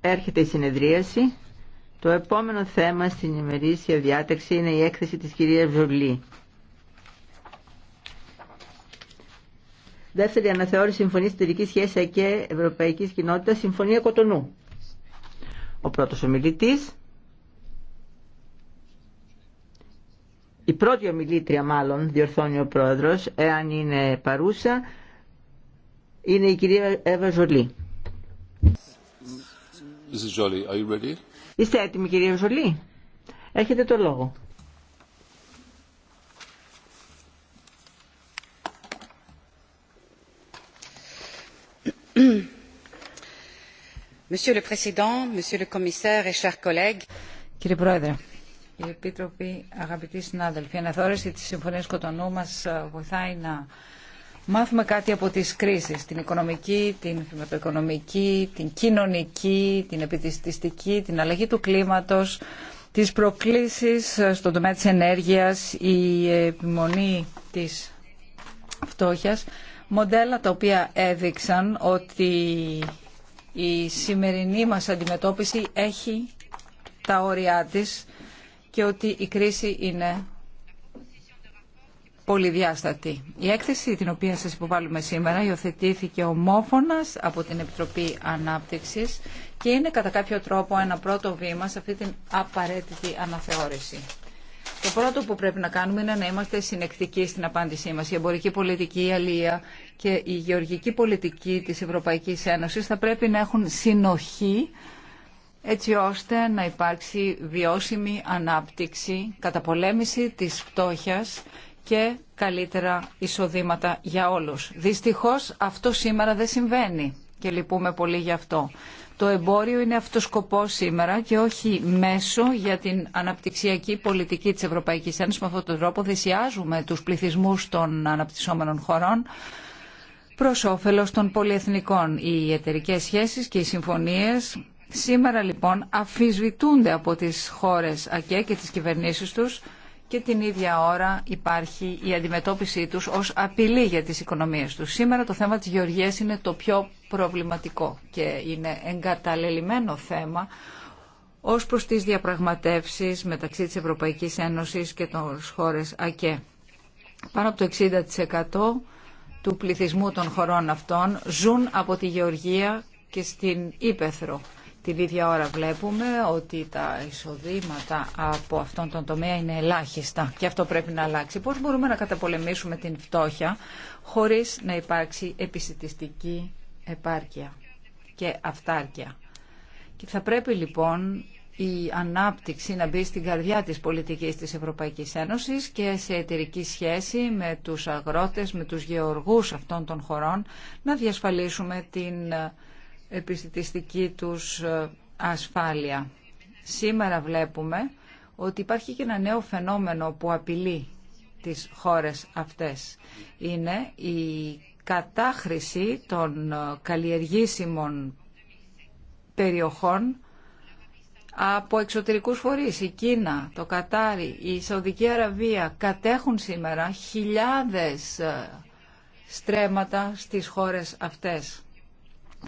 Έρχεται η συνεδρίαση. Το επόμενο θέμα στην ημερήσια διάταξη είναι η έκθεση της κυρίας Ζολή. Δεύτερη αναθεώρηση Συμφωνίας Εταιρικής σχέση και Ευρωπαϊκής Κοινότητας, Συμφωνία Κοτονού. Ο πρώτος ομιλητής, η πρώτη ομιλήτρια μάλλον, διορθώνει ο πρόεδρος, εάν είναι παρούσα, είναι η κυρία Εύα Ζολή. Jolly, are you ready? Είστε έτοιμοι κυρία Ζολή. Έχετε το λόγο. Monsieur le Président, Monsieur le Commissaire et chers collègues. Κύριε Πρόεδρε, η Επίτροπη, αγαπητοί συνάδελφοι, η αναθόρεση της Συμφωνίας Κοτονού μας ε, βοηθάει να μάθουμε κάτι από τις κρίσεις, την οικονομική, την χρηματοοικονομική, την κοινωνική, την επιτιστική, την αλλαγή του κλίματος, τις προκλήσεις ε, στον τομέα της ενέργειας, η επιμονή της φτώχειας, μοντέλα τα οποία έδειξαν ότι η σημερινή μας αντιμετώπιση έχει τα όρια της και ότι η κρίση είναι πολυδιάστατη. Η έκθεση την οποία σας υποβάλλουμε σήμερα υιοθετήθηκε ομόφωνα από την Επιτροπή Ανάπτυξης και είναι κατά κάποιο τρόπο ένα πρώτο βήμα σε αυτή την απαραίτητη αναθεώρηση. Το πρώτο που πρέπει να κάνουμε είναι να είμαστε συνεκτικοί στην απάντησή μας. Η εμπορική πολιτική, η αλία και η γεωργική πολιτική της Ευρωπαϊκής Ένωσης θα πρέπει να έχουν συνοχή έτσι ώστε να υπάρξει βιώσιμη ανάπτυξη, καταπολέμηση της φτώχειας και καλύτερα εισοδήματα για όλους. Δυστυχώς αυτό σήμερα δεν συμβαίνει και λυπούμε πολύ γι' αυτό. Το εμπόριο είναι αυτό σκοπό σήμερα και όχι μέσο για την αναπτυξιακή πολιτική της Ευρωπαϊκής Ένωσης. Με αυτόν τον τρόπο θυσιάζουμε τους πληθυσμούς των αναπτυσσόμενων χωρών προς όφελος των πολυεθνικών. Οι εταιρικέ σχέσεις και οι συμφωνίες σήμερα λοιπόν αφισβητούνται από τις χώρες ΑΚΕ και τις κυβερνήσεις τους και την ίδια ώρα υπάρχει η αντιμετώπιση τους ως απειλή για τις οικονομίες τους. Σήμερα το θέμα της γεωργίας είναι το πιο προβληματικό και είναι εγκαταλελειμμένο θέμα ως προς τις διαπραγματεύσεις μεταξύ της Ευρωπαϊκής Ένωσης και των χώρες ΑΚΕ. Πάνω από το 60% του πληθυσμού των χωρών αυτών ζουν από τη γεωργία και στην Ήπεθρο. Την ίδια ώρα βλέπουμε ότι τα εισοδήματα από αυτόν τον τομέα είναι ελάχιστα και αυτό πρέπει να αλλάξει. Πώς μπορούμε να καταπολεμήσουμε την φτώχεια χωρίς να υπάρξει επισητιστική επάρκεια και αυτάρκεια. Και θα πρέπει λοιπόν η ανάπτυξη να μπει στην καρδιά της πολιτικής της Ευρωπαϊκής Ένωσης και σε εταιρική σχέση με τους αγρότες, με τους γεωργούς αυτών των χωρών να διασφαλίσουμε την επιστημιστική τους ε, ασφάλεια. Σήμερα βλέπουμε ότι υπάρχει και ένα νέο φαινόμενο που απειλεί τις χώρες αυτές. Είναι η κατάχρηση των ε, καλλιεργήσιμων περιοχών από εξωτερικούς φορείς. Η Κίνα, το Κατάρι, η Σαουδική Αραβία κατέχουν σήμερα χιλιάδες ε, στρέμματα στις χώρες αυτές.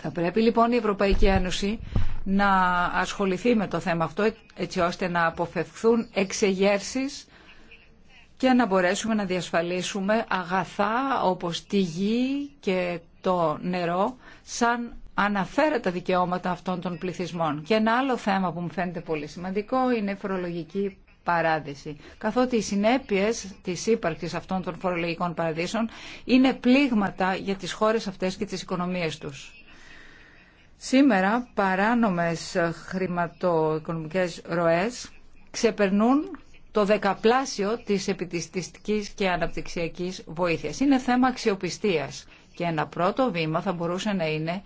Θα πρέπει λοιπόν η Ευρωπαϊκή Ένωση να ασχοληθεί με το θέμα αυτό έτσι ώστε να αποφευχθούν εξεγέρσεις και να μπορέσουμε να διασφαλίσουμε αγαθά όπως τη γη και το νερό σαν αναφέρετα δικαιώματα αυτών των πληθυσμών. Και ένα άλλο θέμα που μου φαίνεται πολύ σημαντικό είναι η φορολογική παράδειση. Καθότι οι συνέπειες της ύπαρξης αυτών των φορολογικών παραδείσων είναι πλήγματα για τις χώρες αυτές και τις οικονομίες τους. Σήμερα παράνομες χρηματοοικονομικές ροές ξεπερνούν το δεκαπλάσιο της επιτιστικής και αναπτυξιακής βοήθειας. Είναι θέμα αξιοπιστίας και ένα πρώτο βήμα θα μπορούσε να είναι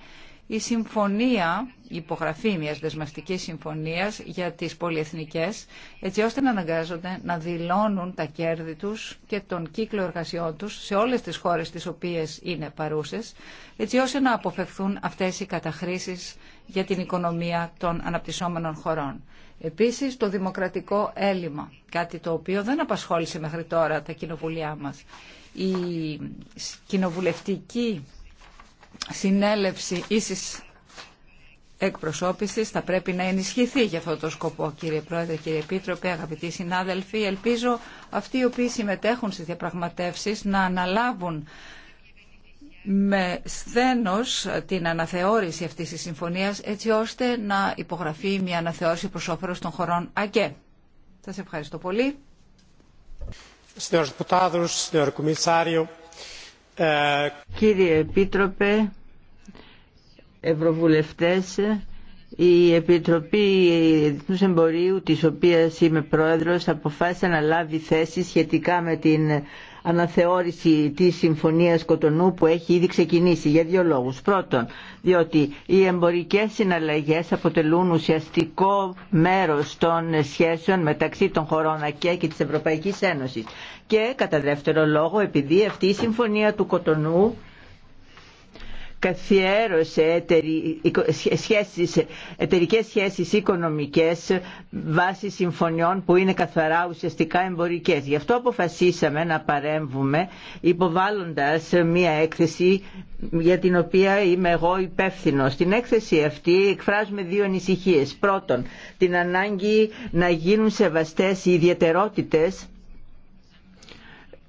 η συμφωνία, η υπογραφή μιας δεσμευτικής συμφωνίας για τις πολυεθνικές, έτσι ώστε να αναγκάζονται να δηλώνουν τα κέρδη τους και τον κύκλο εργασιών τους σε όλες τις χώρες τις οποίες είναι παρούσες, έτσι ώστε να αποφευθούν αυτές οι καταχρήσεις για την οικονομία των αναπτυσσόμενων χωρών. Επίσης το δημοκρατικό έλλειμμα, κάτι το οποίο δεν απασχόλησε μέχρι τώρα τα κοινοβουλιά μας. Η κοινοβουλευτική συνέλευση ίσης εκπροσώπησης θα πρέπει να ενισχυθεί για αυτό το σκοπό κύριε Πρόεδρε, κύριε Επίτροπε, αγαπητοί συνάδελφοι. Ελπίζω αυτοί οι οποίοι συμμετέχουν στις διαπραγματεύσεις να αναλάβουν με σθένος την αναθεώρηση αυτής της συμφωνίας έτσι ώστε να υπογραφεί μια αναθεώρηση προς όφερος των χωρών ΑΚΕ. Σας ευχαριστώ πολύ. Κύριε Επίτροπε, Ευρωβουλευτές, η Επιτροπή Διεθνούς Εμπορίου, της οποία είμαι πρόεδρος, αποφάσισε να λάβει θέση σχετικά με την αναθεώρηση της Συμφωνίας Κοτονού που έχει ήδη ξεκινήσει για δύο λόγους. Πρώτον, διότι οι εμπορικές συναλλαγές αποτελούν ουσιαστικό μέρος των σχέσεων μεταξύ των χωρών ΑΚΕ και της Ευρωπαϊκής Ένωσης. Και κατά δεύτερο λόγο, επειδή αυτή η Συμφωνία του Κοτονού καθιέρωσε σχέσεις, εταιρικές σχέσεις οικονομικές βάσει συμφωνιών που είναι καθαρά ουσιαστικά εμπορικές. Γι' αυτό αποφασίσαμε να παρέμβουμε υποβάλλοντας μία έκθεση για την οποία είμαι εγώ υπεύθυνο. Στην έκθεση αυτή εκφράζουμε δύο ανησυχίε. Πρώτον, την ανάγκη να γίνουν σεβαστές οι ιδιαιτερότητες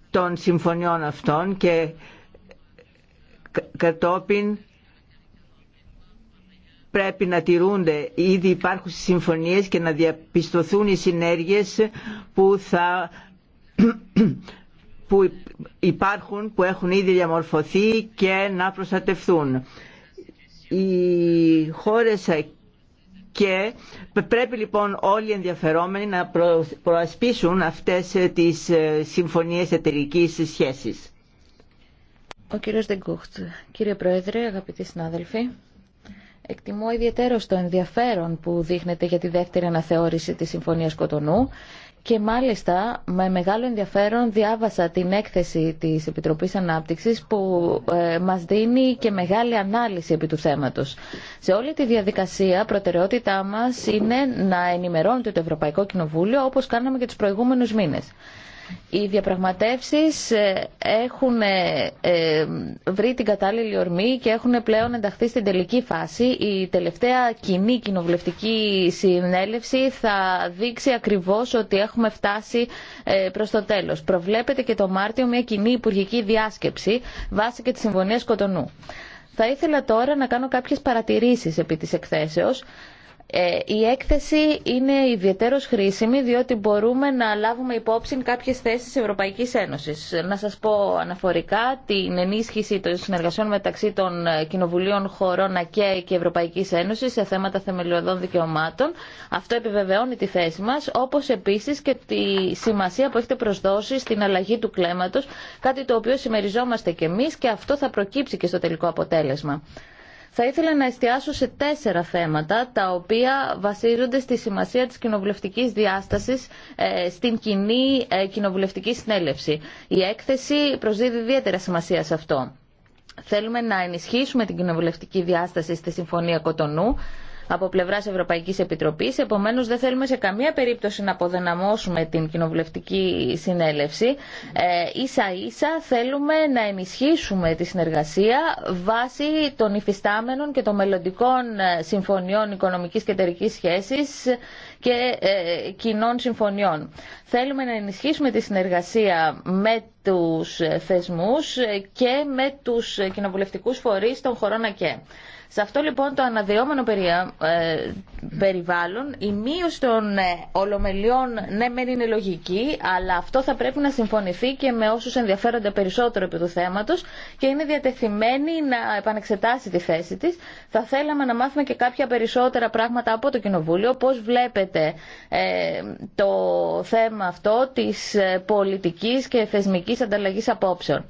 των συμφωνιών αυτών και κατόπιν πρέπει να τηρούνται ήδη υπάρχουν συμφωνίες και να διαπιστωθούν οι συνέργειες που θα που υπάρχουν, που έχουν ήδη διαμορφωθεί και να προστατευθούν. Οι χώρες και πρέπει λοιπόν όλοι οι ενδιαφερόμενοι να προασπίσουν αυτές τις ε, συμφωνίες εταιρικής σχέσης. Ο κύριος Δεγκούχτ. Κύριε Πρόεδρε, αγαπητοί συνάδελφοι, εκτιμώ ιδιαίτερο το ενδιαφέρον που δείχνεται για τη δεύτερη αναθεώρηση της Συμφωνίας Κοτονού και μάλιστα με μεγάλο ενδιαφέρον διάβασα την έκθεση της Επιτροπής Ανάπτυξης που ε, μας δίνει και μεγάλη ανάλυση επί του θέματος. Σε όλη τη διαδικασία προτεραιότητά μας είναι να ενημερώνεται το Ευρωπαϊκό Κοινοβούλιο όπως κάναμε και τους προηγούμενους μήνες. Οι διαπραγματεύσεις ε, έχουν ε, ε, βρει την κατάλληλη ορμή και έχουν πλέον ενταχθεί στην τελική φάση. Η τελευταία κοινή κοινοβουλευτική συνέλευση θα δείξει ακριβώς ότι έχουμε φτάσει προς το τέλος. Προβλέπεται και το Μάρτιο μια κοινή υπουργική διάσκεψη βάσει και τη Συμφωνία Κοτονού. Θα ήθελα τώρα να κάνω κάποιες παρατηρήσεις επί της εκθέσεως ε, η έκθεση είναι ιδιαίτερο χρήσιμη διότι μπορούμε να λάβουμε υπόψη κάποιες θέσεις Ευρωπαϊκής Ένωσης. Να σας πω αναφορικά την ενίσχυση των συνεργασιών μεταξύ των ε, Κοινοβουλίων Χωρών ΑΚΕ και Ευρωπαϊκής Ένωσης σε θέματα θεμελιωδών δικαιωμάτων. Αυτό επιβεβαιώνει τη θέση μας, όπως επίσης και τη σημασία που έχετε προσδώσει στην αλλαγή του κλέματος, κάτι το οποίο συμμεριζόμαστε και εμείς και αυτό θα προκύψει και στο τελικό αποτέλεσμα. Θα ήθελα να εστιάσω σε τέσσερα θέματα, τα οποία βασίζονται στη σημασία της κοινοβουλευτικής διάστασης ε, στην κοινή ε, κοινοβουλευτική συνέλευση. Η έκθεση προσδίδει ιδιαίτερα σημασία σε αυτό. Θέλουμε να ενισχύσουμε την κοινοβουλευτική διάσταση στη Συμφωνία Κοτονού από πλευρά Ευρωπαϊκή Επιτροπή. Επομένω, δεν θέλουμε σε καμία περίπτωση να αποδυναμώσουμε την κοινοβουλευτική συνέλευση. Ε, ίσα ίσα θέλουμε να ενισχύσουμε τη συνεργασία βάσει των υφιστάμενων και των μελλοντικών ε, συμφωνιών οικονομική και εταιρική σχέση και ε, κοινών συμφωνιών. Θέλουμε να ενισχύσουμε τη συνεργασία με τους θεσμούς και με τους κοινοβουλευτικούς φορείς των χωρών ΑΚΕ. Σε αυτό λοιπόν το αναδεόμενο ε, περιβάλλον η μείωση των ε, ολομελιών ναι μεν είναι λογική αλλά αυτό θα πρέπει να συμφωνηθεί και με όσους ενδιαφέρονται περισσότερο επί του θέματος και είναι διατεθειμένη να επανεξετάσει τη θέση της. Θα θέλαμε να μάθουμε και κάποια περισσότερα πράγματα από το Κοινοβούλιο. Πώς βλέπετε ε, το θέμα αυτό της πολιτικής και θεσμικής ανταλλαγής απόψεων.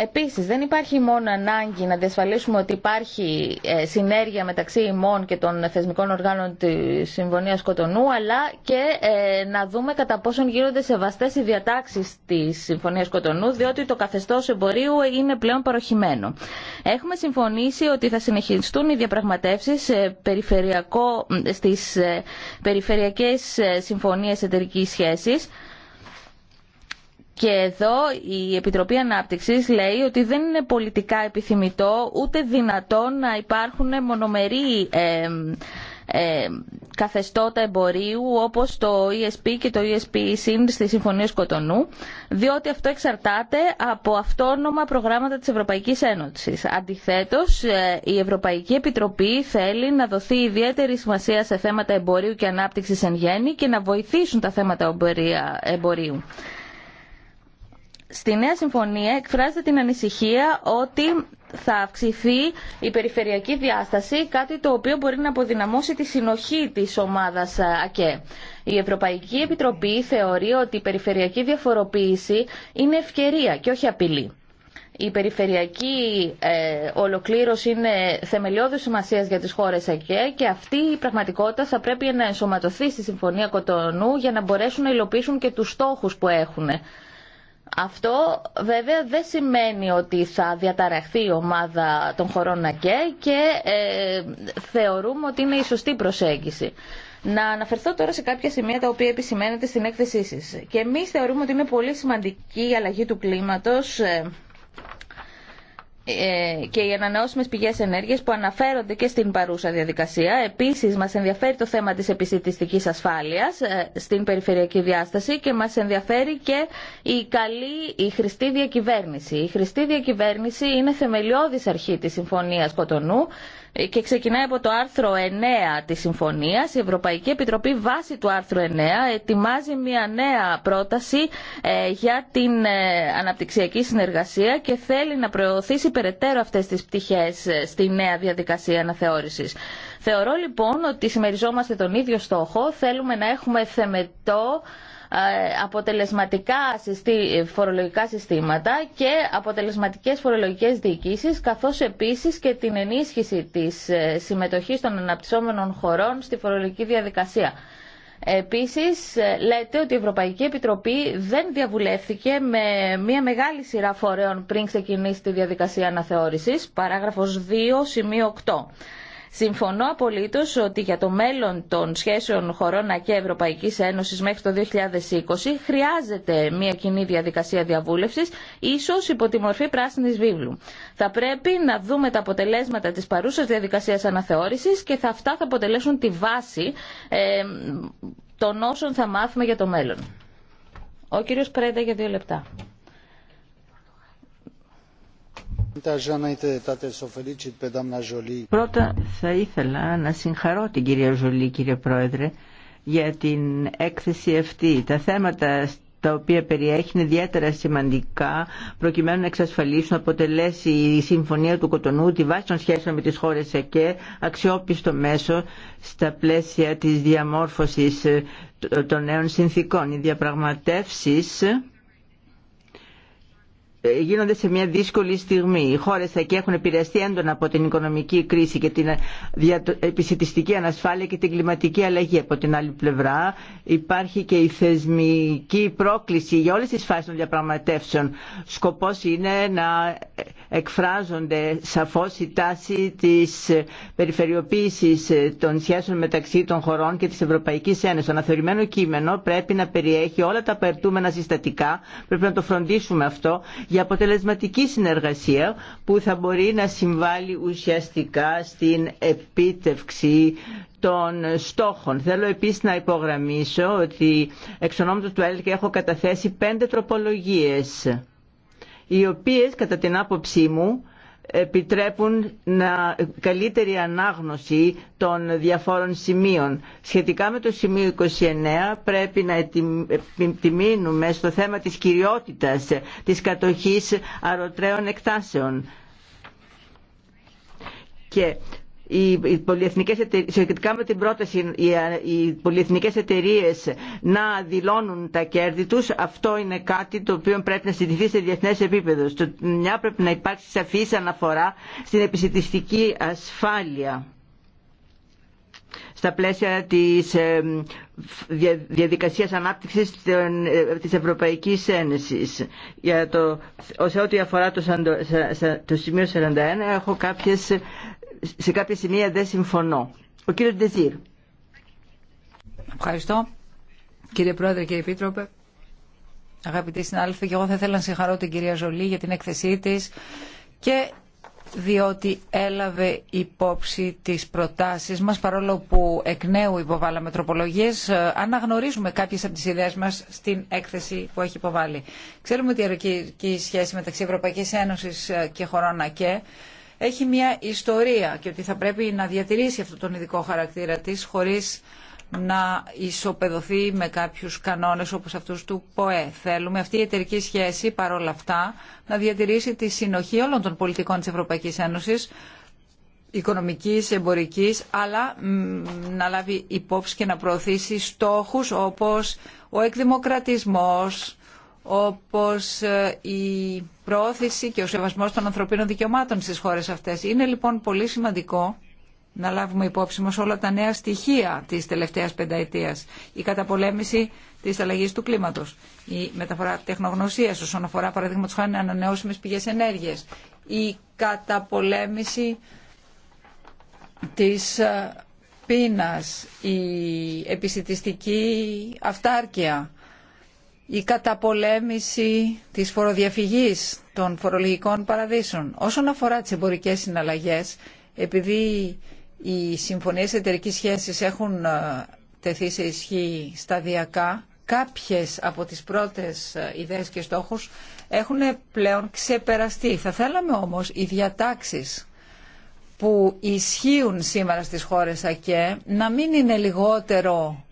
Επίσης, δεν υπάρχει μόνο ανάγκη να διασφαλίσουμε ότι υπάρχει ε, συνέργεια μεταξύ ημών και των θεσμικών οργάνων της Συμφωνίας Κοτονού, αλλά και ε, να δούμε κατά πόσον γίνονται σεβαστές οι διατάξεις της Συμφωνίας Κοτονού, διότι το καθεστώς εμπορίου είναι πλέον παροχημένο. Έχουμε συμφωνήσει ότι θα συνεχιστούν οι διαπραγματεύσεις περιφερειακό, στις ε, περιφερειακές συμφωνίες εταιρικής σχέσης, και εδώ η Επιτροπή Ανάπτυξης λέει ότι δεν είναι πολιτικά επιθυμητό ούτε δυνατό να υπάρχουν μονομερεί ε, καθεστώτα εμπορίου όπως το ESP και το ESP sin στη Συμφωνία Σκοτονού διότι αυτό εξαρτάται από αυτόνομα προγράμματα της Ευρωπαϊκής Ένωσης. Αντιθέτως, ε, η Ευρωπαϊκή Επιτροπή θέλει να δοθεί ιδιαίτερη σημασία σε θέματα εμπορίου και ανάπτυξης εν γέννη και να βοηθήσουν τα θέματα εμπορίου. Στη νέα συμφωνία εκφράζεται την ανησυχία ότι θα αυξηθεί η περιφερειακή διάσταση, κάτι το οποίο μπορεί να αποδυναμώσει τη συνοχή της ομάδας ε, ΑΚΕ. Η Ευρωπαϊκή Επιτροπή θεωρεί ότι η περιφερειακή διαφοροποίηση είναι ευκαιρία και όχι απειλή. Η περιφερειακή ε, ολοκλήρωση είναι θεμελιώδης σημασία για τις χώρες ΑΚΕ και αυτή η πραγματικότητα θα πρέπει να ενσωματωθεί στη Συμφωνία Κοτονού για να μπορέσουν να υλοποιήσουν και τους στόχους που έχουν αυτό βέβαια δεν σημαίνει ότι θα διαταραχθεί η ομάδα των χωρών ΑΚΕ και ε, θεωρούμε ότι είναι η σωστή προσέγγιση. Να αναφερθώ τώρα σε κάποια σημεία τα οποία επισημαίνεται στην έκθεσή σας. Και εμείς θεωρούμε ότι είναι πολύ σημαντική η αλλαγή του κλίματος ε, ε, και οι ανανεώσιμε πηγέ ενέργεια που αναφέρονται και στην παρούσα διαδικασία. Επίση, μα ενδιαφέρει το θέμα τη επιστημιστική ασφάλεια ε, στην περιφερειακή διάσταση και μα ενδιαφέρει και η καλή, η χρηστή διακυβέρνηση. Η χρηστή διακυβέρνηση είναι θεμελιώδη αρχή τη Συμφωνία Κοτονού και ξεκινάει από το άρθρο 9 της συμφωνίας. Η Ευρωπαϊκή Επιτροπή βάσει του άρθρου 9 ετοιμάζει μια νέα πρόταση ε, για την ε, αναπτυξιακή συνεργασία και θέλει να προωθήσει περαιτέρω αυτές τις πτυχές ε, στη νέα διαδικασία αναθεώρησης. Θεωρώ λοιπόν ότι συμμεριζόμαστε τον ίδιο στόχο, θέλουμε να έχουμε θεμετό ε, αποτελεσματικά φορολογικά συστήματα και αποτελεσματικές φορολογικές διοικήσεις, καθώς επίσης και την ενίσχυση της ε, συμμετοχής των αναπτυσσόμενων χωρών στη φορολογική διαδικασία. Επίσης, ε, λέτε ότι η Ευρωπαϊκή Επιτροπή δεν διαβουλεύθηκε με μια μεγάλη σειρά φορέων πριν ξεκινήσει τη διαδικασία αναθεώρησης, παράγραφος 2, σημείο 8. Συμφωνώ απολύτω ότι για το μέλλον των σχέσεων χωρών και Ευρωπαϊκή Ένωση μέχρι το 2020 χρειάζεται μια κοινή διαδικασία διαβούλευση, ίσω υπό τη μορφή πράσινη βίβλου. Θα πρέπει να δούμε τα αποτελέσματα τη παρούσα διαδικασία αναθεώρηση και θα αυτά θα αποτελέσουν τη βάση ε, των όσων θα μάθουμε για το μέλλον. Ο κύριος Πρέντα για δύο λεπτά. Πρώτα θα ήθελα να συγχαρώ την κυρία Ζολή, κύριε Πρόεδρε, για την έκθεση αυτή. Τα θέματα τα οποία περιέχει είναι ιδιαίτερα σημαντικά προκειμένου να εξασφαλίσουν να αποτελέσει η Συμφωνία του Κοτονού τη βάση των σχέσεων με τις χώρες ΕΚΕ αξιόπιστο μέσο στα πλαίσια της διαμόρφωσης ε, των νέων συνθήκων. Οι διαπραγματεύσεις ε, γίνονται σε μια δύσκολη στιγμή. Οι χώρε εκεί έχουν επηρεαστεί έντονα από την οικονομική κρίση και την επισητιστική ανασφάλεια και την κλιματική αλλαγή. Από την άλλη πλευρά υπάρχει και η θεσμική πρόκληση για όλε τι φάσει των διαπραγματεύσεων. Σκοπό είναι να εκφράζονται σαφώ η τάση της περιφερειοποίηση των σχέσεων μεταξύ των χωρών και τη Ευρωπαϊκή Ένωση. Το αναθεωρημένο κείμενο πρέπει να περιέχει όλα τα περτούμενα συστατικά, πρέπει να το φροντίσουμε αυτό για αποτελεσματική συνεργασία που θα μπορεί να συμβάλλει ουσιαστικά στην επίτευξη των στόχων. Θέλω επίσης να υπογραμμίσω ότι εξ ονόματος του ΕΛΚ έχω καταθέσει πέντε τροπολογίες οι οποίες κατά την άποψή μου επιτρέπουν να, καλύτερη ανάγνωση των διαφόρων σημείων. Σχετικά με το σημείο 29 πρέπει να επιμείνουμε στο θέμα της κυριότητας της κατοχής αρωτρέων εκτάσεων. Και οι πολυεθνικές εταιρείες, σχετικά με την πρόταση οι πολυεθνικές εταιρείες να δηλώνουν τα κέρδη τους, αυτό είναι κάτι το οποίο πρέπει να συζητηθεί σε διεθνές επίπεδο. Στο μια πρέπει να υπάρξει σαφής αναφορά στην επιστημιστική ασφάλεια στα πλαίσια της ε, διαδικασίας ανάπτυξης ε, της Ευρωπαϊκής Ένωσης. Για το, σε ό,τι αφορά το, το σημείο 41 έχω κάποιες σε κάποια σημεία δεν συμφωνώ. Ο κύριος Ντεζίρ. Ευχαριστώ. Κύριε Πρόεδρε, κύριε Επίτροπε, αγαπητοί συνάδελφοι, και εγώ θα ήθελα να συγχαρώ την κυρία Ζολή για την έκθεσή της και διότι έλαβε υπόψη τις προτάσεις μας παρόλο που εκ νέου υποβάλαμε τροπολογίες ε, αναγνωρίζουμε κάποιες από τις ιδέες μας στην έκθεση που έχει υποβάλει. Ξέρουμε ότι η σχέση μεταξύ Ευρωπαϊκής Ένωσης ε, και χωρών ΑΚΕ έχει μια ιστορία και ότι θα πρέπει να διατηρήσει αυτόν τον ειδικό χαρακτήρα της χωρίς να ισοπεδωθεί με κάποιους κανόνες όπως αυτούς του ΠΟΕ. Θέλουμε αυτή η εταιρική σχέση παρόλα αυτά να διατηρήσει τη συνοχή όλων των πολιτικών της Ευρωπαϊκής Ένωσης οικονομικής, εμπορικής, αλλά να λάβει υπόψη και να προωθήσει στόχους όπως ο εκδημοκρατισμός, όπως ε, η πρόθεση και ο σεβασμός των ανθρωπίνων δικαιωμάτων στις χώρες αυτές. Είναι λοιπόν πολύ σημαντικό να λάβουμε υπόψη μας όλα τα νέα στοιχεία της τελευταίας πενταετίας. Η καταπολέμηση της αλλαγής του κλίματος, η μεταφορά τεχνογνωσίας όσον αφορά παραδείγματος χάνει ανανεώσιμες πηγές ενέργειας, η καταπολέμηση της ε, πείνας, η επισητιστική αυτάρκεια, η καταπολέμηση της φοροδιαφυγής των φορολογικών παραδείσων. Όσον αφορά τις εμπορικές συναλλαγές, επειδή οι συμφωνίες εταιρικής σχέσης έχουν ε, τεθεί σε ισχύ σταδιακά, κάποιες από τις πρώτες ε, ιδέες και στόχους έχουν πλέον ξεπεραστεί. Θα θέλαμε όμως οι διατάξεις που ισχύουν σήμερα στις χώρες ΑΚΕ να μην είναι λιγότερο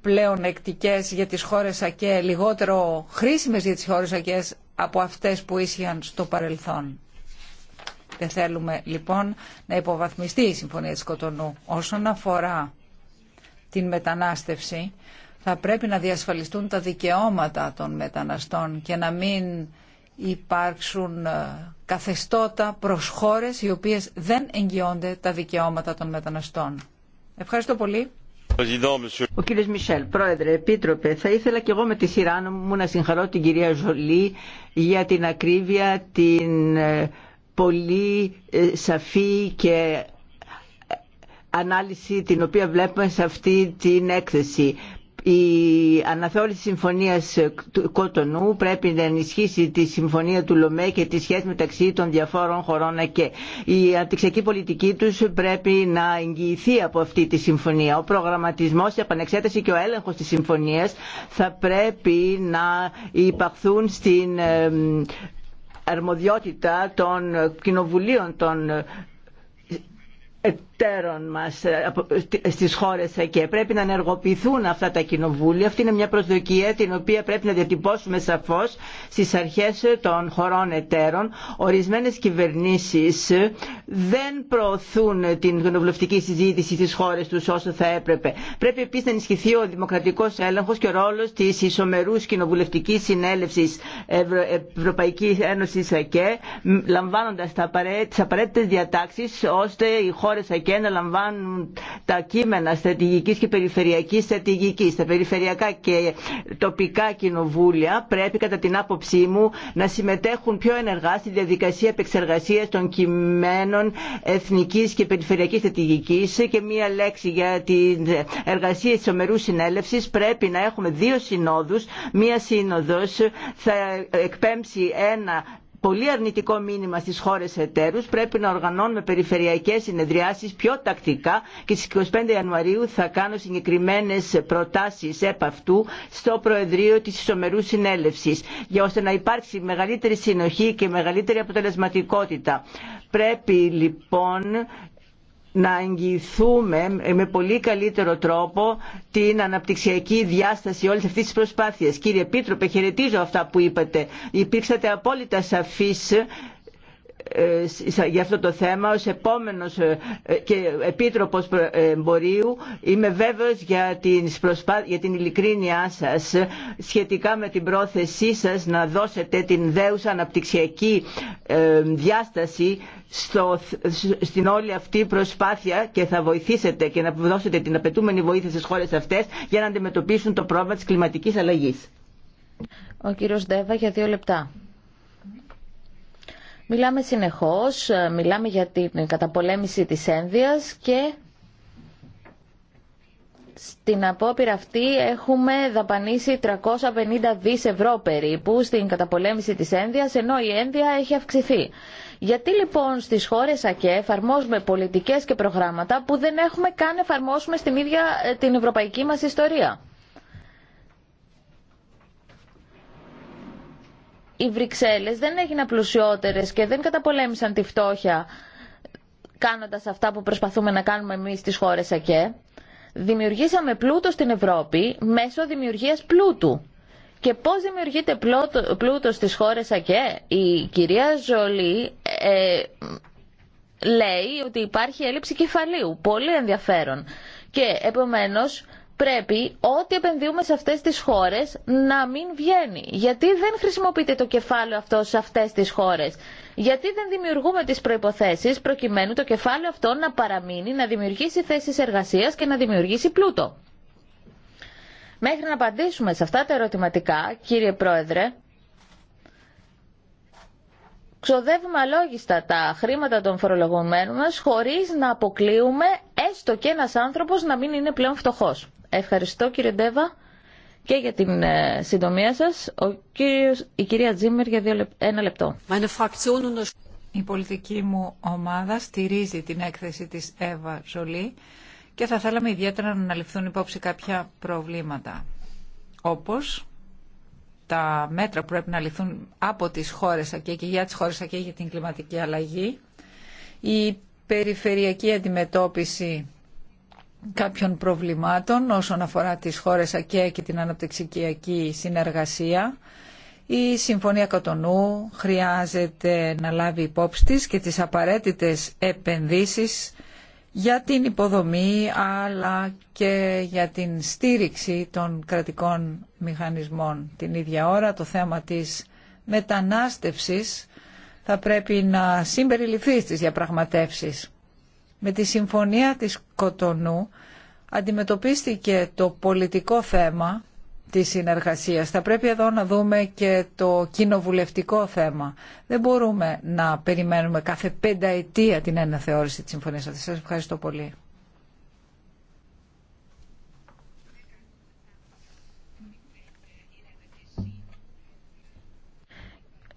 πλέον εκτικές για τις χώρες ΑΚΕ, λιγότερο χρήσιμες για τις χώρες ΑΚΕ από αυτές που ίσχυαν στο παρελθόν. Δεν θέλουμε λοιπόν να υποβαθμιστεί η Συμφωνία της Κοτονού. Όσον αφορά την μετανάστευση, θα πρέπει να διασφαλιστούν τα δικαιώματα των μεταναστών και να μην υπάρξουν ε, καθεστώτα προς χώρες οι οποίες δεν εγγυώνται τα δικαιώματα των μεταναστών. Ευχαριστώ πολύ. Ο κύριος Μισελ, πρόεδρε, επίτροπε, θα ήθελα και εγώ με τη σειρά μου να συγχαρώ την κυρία Ζολή για την ακρίβεια, την ε, πολύ ε, σαφή και ε, ανάλυση την οποία βλέπουμε σε αυτή την έκθεση η αναθεώρηση της συμφωνίας ε, του Κότονου πρέπει να ενισχύσει τη συμφωνία του Λομέ και τη σχέση μεταξύ των διαφόρων χωρών και η αντιξιακή πολιτική τους πρέπει να εγγυηθεί από αυτή τη συμφωνία. Ο προγραμματισμός, η επανεξέταση και ο έλεγχος της συμφωνίας θα πρέπει να υπαχθούν στην ε, αρμοδιότητα των κοινοβουλίων των ε, στι μας ε, ε, στις χώρες εκεί. πρέπει να ενεργοποιηθούν αυτά τα κοινοβούλια. Αυτή είναι μια προσδοκία την οποία πρέπει να διατυπώσουμε σαφώς στις αρχές των χωρών εταίρων. Ορισμένες κυβερνήσεις δεν προωθούν την κοινοβουλευτική συζήτηση στις χώρες τους όσο θα έπρεπε. Πρέπει επίσης να ενισχυθεί ο δημοκρατικός έλεγχος και ο ρόλος της ισομερούς κοινοβουλευτικής συνέλευσης Ευρω... Ευρωπαϊκής Ένωσης ΑΚΕ λαμβάνοντας τις απαραίτητες διατάξεις ώστε οι χώρες ΑΚΕ και να λαμβάνουν τα κείμενα στρατηγικής και περιφερειακής στρατηγικής. Τα περιφερειακά και τοπικά κοινοβούλια πρέπει κατά την άποψή μου να συμμετέχουν πιο ενεργά στη διαδικασία επεξεργασίας των κειμένων εθνικής και περιφερειακής στρατηγικής και μία λέξη για την εργασία της ομερού συνέλευσης πρέπει να έχουμε δύο συνόδους, μία σύνοδος θα εκπέμψει ένα πολύ αρνητικό μήνυμα στις χώρες εταίρους. Πρέπει να οργανώνουμε περιφερειακές συνεδριάσεις πιο τακτικά και στις 25 Ιανουαρίου θα κάνω συγκεκριμένες προτάσεις επ' αυτού στο Προεδρείο της Ισομερούς Συνέλευσης για ώστε να υπάρξει μεγαλύτερη συνοχή και μεγαλύτερη αποτελεσματικότητα. Πρέπει λοιπόν να εγγυηθούμε με πολύ καλύτερο τρόπο την αναπτυξιακή διάσταση όλες αυτές τις προσπάθειες Κύριε Πίτροπε, χαιρετίζω αυτά που είπατε. Υπήρξατε απόλυτα σαφείς ε, για αυτό το θέμα ως επόμενος ε, ε, και επίτροπος εμπορίου είμαι βέβαιος για την, προσπά... για την ειλικρίνειά σας σχετικά με την πρόθεσή σας να δώσετε την δέουσα αναπτυξιακή διάσταση στο... στην όλη αυτή προσπάθεια και θα βοηθήσετε και να δώσετε την απαιτούμενη βοήθεια στις χώρες αυτές για να αντιμετωπίσουν το πρόβλημα της κλιματικής αλλαγής. Ο κύριος Ντέβα για δύο λεπτά. Μιλάμε συνεχώς, ε, μιλάμε για την καταπολέμηση της ένδυας και στην απόπειρα αυτή έχουμε δαπανίσει 350 δις ευρώ περίπου στην καταπολέμηση της ένδυας, ενώ η ένδυα έχει αυξηθεί. Γιατί λοιπόν στις χώρες ΑΚΕ εφαρμόζουμε πολιτικές και προγράμματα που δεν έχουμε καν εφαρμόσουμε στην ίδια ε, την ευρωπαϊκή μας ιστορία. οι Βρυξέλλες δεν έγιναν πλουσιότερες και δεν καταπολέμησαν τη φτώχεια κάνοντας αυτά που προσπαθούμε να κάνουμε εμείς στις χώρες ΑΚΕ. Δημιουργήσαμε πλούτο στην Ευρώπη μέσω δημιουργίας πλούτου. Και πώς δημιουργείται πλούτο στις χώρες ΑΚΕ. Η κυρία Ζολή ε, λέει ότι υπάρχει έλλειψη κεφαλίου. Πολύ ενδιαφέρον. Και επομένως πρέπει ό,τι επενδύουμε σε αυτές τις χώρες να μην βγαίνει. Γιατί δεν χρησιμοποιείται το κεφάλαιο αυτό σε αυτές τις χώρες. Γιατί δεν δημιουργούμε τις προϋποθέσεις προκειμένου το κεφάλαιο αυτό να παραμείνει, να δημιουργήσει θέσεις εργασίας και να δημιουργήσει πλούτο. Μέχρι να απαντήσουμε σε αυτά τα ερωτηματικά, κύριε Πρόεδρε, ξοδεύουμε αλόγιστα τα χρήματα των φορολογωμένων μας χωρίς να αποκλείουμε έστω και ένας άνθρωπος να μην είναι πλέον φτωχός. Ευχαριστώ κύριε Ντέβα και για την ε, συντομία σας. Ο κύριος, η κυρία Τζίμερ για δύο, ένα λεπτό. Η πολιτική μου ομάδα στηρίζει την έκθεση της Εύα Ζολή και θα θέλαμε ιδιαίτερα να αναλυφθούν υπόψη κάποια προβλήματα. Όπως τα μέτρα που πρέπει να ληφθούν από τις χώρες και για τις χώρες και για την κλιματική αλλαγή, η περιφερειακή αντιμετώπιση κάποιων προβλημάτων όσον αφορά τις χώρες ΑΚΕ και την αναπτυξιακή συνεργασία. Η Συμφωνία Κοτονού χρειάζεται να λάβει υπόψη της και τις απαραίτητες επενδύσεις για την υποδομή αλλά και για την στήριξη των κρατικών μηχανισμών. Την ίδια ώρα το θέμα της μετανάστευσης θα πρέπει να συμπεριληφθεί στις διαπραγματεύσεις. Με τη συμφωνία της Κοτονού αντιμετωπίστηκε το πολιτικό θέμα της συνεργασίας. Θα πρέπει εδώ να δούμε και το κοινοβουλευτικό θέμα. Δεν μπορούμε να περιμένουμε κάθε πενταετία την αναθεώρηση της συμφωνίας αυτής. Σας ευχαριστώ πολύ.